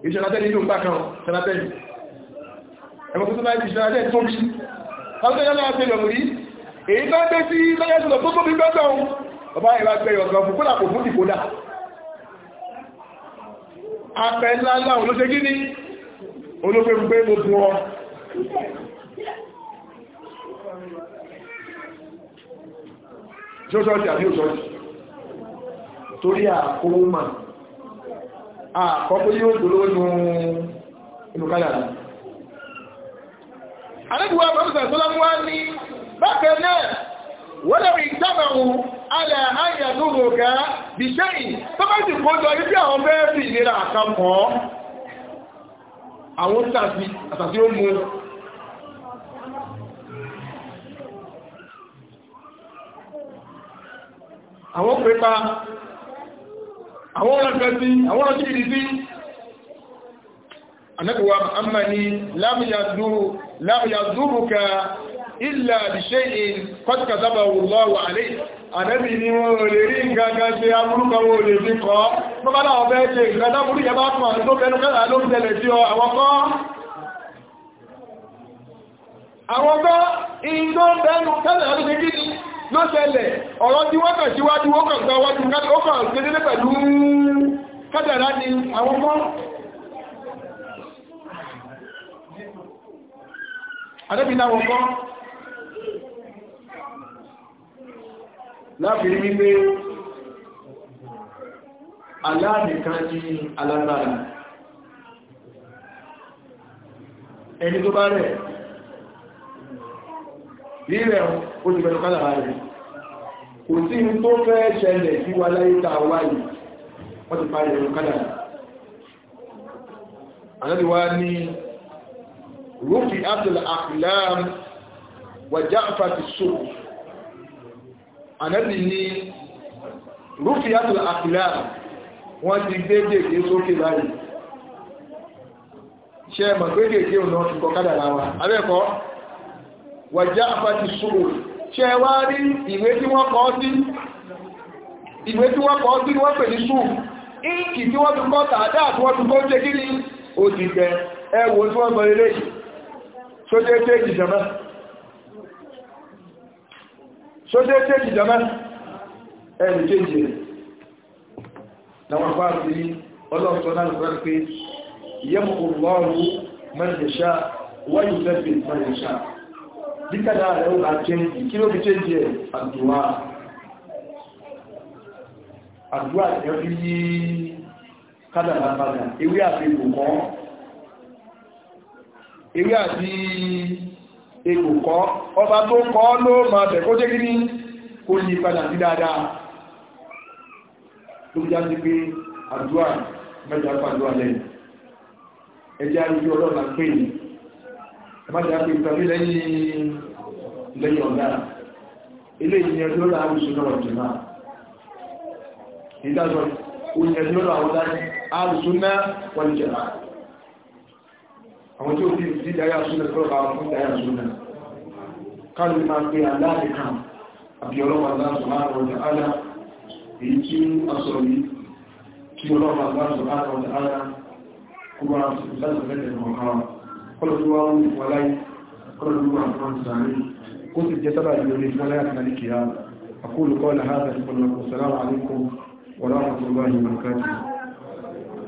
iṣẹ́ látẹ́lì ìlú gbà kan sẹ́látẹ́lì ẹmọ satellite dish látẹ́lì tó bí látẹ́lì látẹ́lì lọ rí èyí tó gbé sí lẹ́yẹ́sì lọ tó tó bí gbẹ́gbẹ́ wọn bàbá ìwà gbẹ́ ọ̀gá fún kó làpò fún ìkódà apẹ ńláńlá òun ló ṣe gíní olóògbé gbé gbogbo ọ tí ó sọ́ọ̀tì àbí òsọ́ọ̀tì torí àkówó mà àkọ́kọ́ yóò dolówó nù inú kádàrá àdébùwà bàbá sọ́lámù wá ní bákan náà wọ́n lẹ́rìn ìjábà òun alẹ́ àyà tó rò gá bí sẹ́yìn tó bá sì kọjọ ibi àwọn bẹ́ẹ̀ fi ìlera àkàkọ́ àwọn tàbí ó mú àwọn pépà àwọn ọ̀rọ̀ sí àwọn ọ̀rọ̀ sí ìdí sí anábíwá amma ni láàmìyà zúrù ka ilẹ̀ àdìṣẹ́ in kọ́tíkà sábà wùlọ́wà alẹ́ àdẹ́bì ni wọ́n lè rí gangan ṣe amúrúkọ wọ́n lè fi kọ́ bọ́bálá ọ̀bẹ́ ṣe ìgbàdámúrú yẹ bá fún àwọn tó fẹ́nu kẹ́lá ló ń tẹ̀lẹ̀ sí ọ àwọn kọ́ àwọn ló ṣẹlẹ̀ ọ̀rọ̀ tí wọ́n kàn síwájú ó kàn gba wájú ó kàn gbedele pẹ̀lú kádàrá ni àwọn ọmọ adébìnà wọn kọ́ láàfin wípé aláàmìkan ní alágbára ẹni tó bá rẹ̀ rírẹ̀ ó ti bẹ̀rẹ̀ kádàrá rẹ̀ kò sí ní tó fẹ́ ṣẹlẹ̀ sí wa láyé tá a wá yìí wọ́n ti parí ẹ̀rọ kádàrá àlọ́dì gbé gègé sókè láyé ṣe mọ̀ gbé gègé òun ti kọ kádàrá wa abẹ́kọ̀ọ́ wàjá àfàtì ṣòro ṣe wá rí ìwé tí wọ́n kọ́ sí ìwé tí wọ́n kọ́ sí wọ́n pè ní ṣùn ìkì tí wọ́n tún kọ́ tààdá àti wọ́n tún kọ́ jẹ́ kí ní òdìgbẹ̀ ẹwọ tí wọ́n gbọ́ ilé sójé tẹ́jì jama ẹni tẹ́jì rẹ̀ láwọn bá díkàdá rẹ̀ ó bá chẹ́ǹjì kí ló fi chẹ́ǹjì ẹ̀ àdúwà àdúwà tẹ́ fi yí kádàlá padà ewé àti ìkòkọ́ ewé àti ìkòkọ́ ọba tó kọ́ ló máa bẹ̀ kó jẹ́ kí ní kó yí padà sí dáadáa tó já sí pé àdúwà mẹ́ta pàdúwà lẹ́yìn ẹjẹ́ àríkí ọlọ́run pè ní ẹmọ́sẹ̀ àti ìtọ́lé lẹ́yìn ọ̀gá ilé ìyẹn tó láàrín ìṣúná ọ̀jọ̀má ìdájọ́ ìyẹn tó láàrín àrùsúná wọ́njẹ̀má àwọn tí ó fi sí ìdáyà súnà tó bá fún ìdáyà súnà káàlù máa pé aláàrẹ kan àbí ọlọ́pàá aláàrùn ọ̀dọ̀ ààrẹ èyí tí a sọ̀rọ̀ yìí kí ọlọ́pàá aláàrùn ọ̀dọ̀ ààrẹ kúrò àti ìdájọ́ mẹ́tẹ̀ẹ̀kọ̀ọ̀kan kọlọ̀dúnwà wà láyé kọlọ̀dúnwà àwọn ìsànlẹ̀ kó sì jẹ́ sábà ìlúrí fún aláyà àti àríkìyà àkóòlùkọ́ làhádà ìpọ̀lọ̀kọ̀ sàlámù alaykum wa rahmatullahi wa barakatuh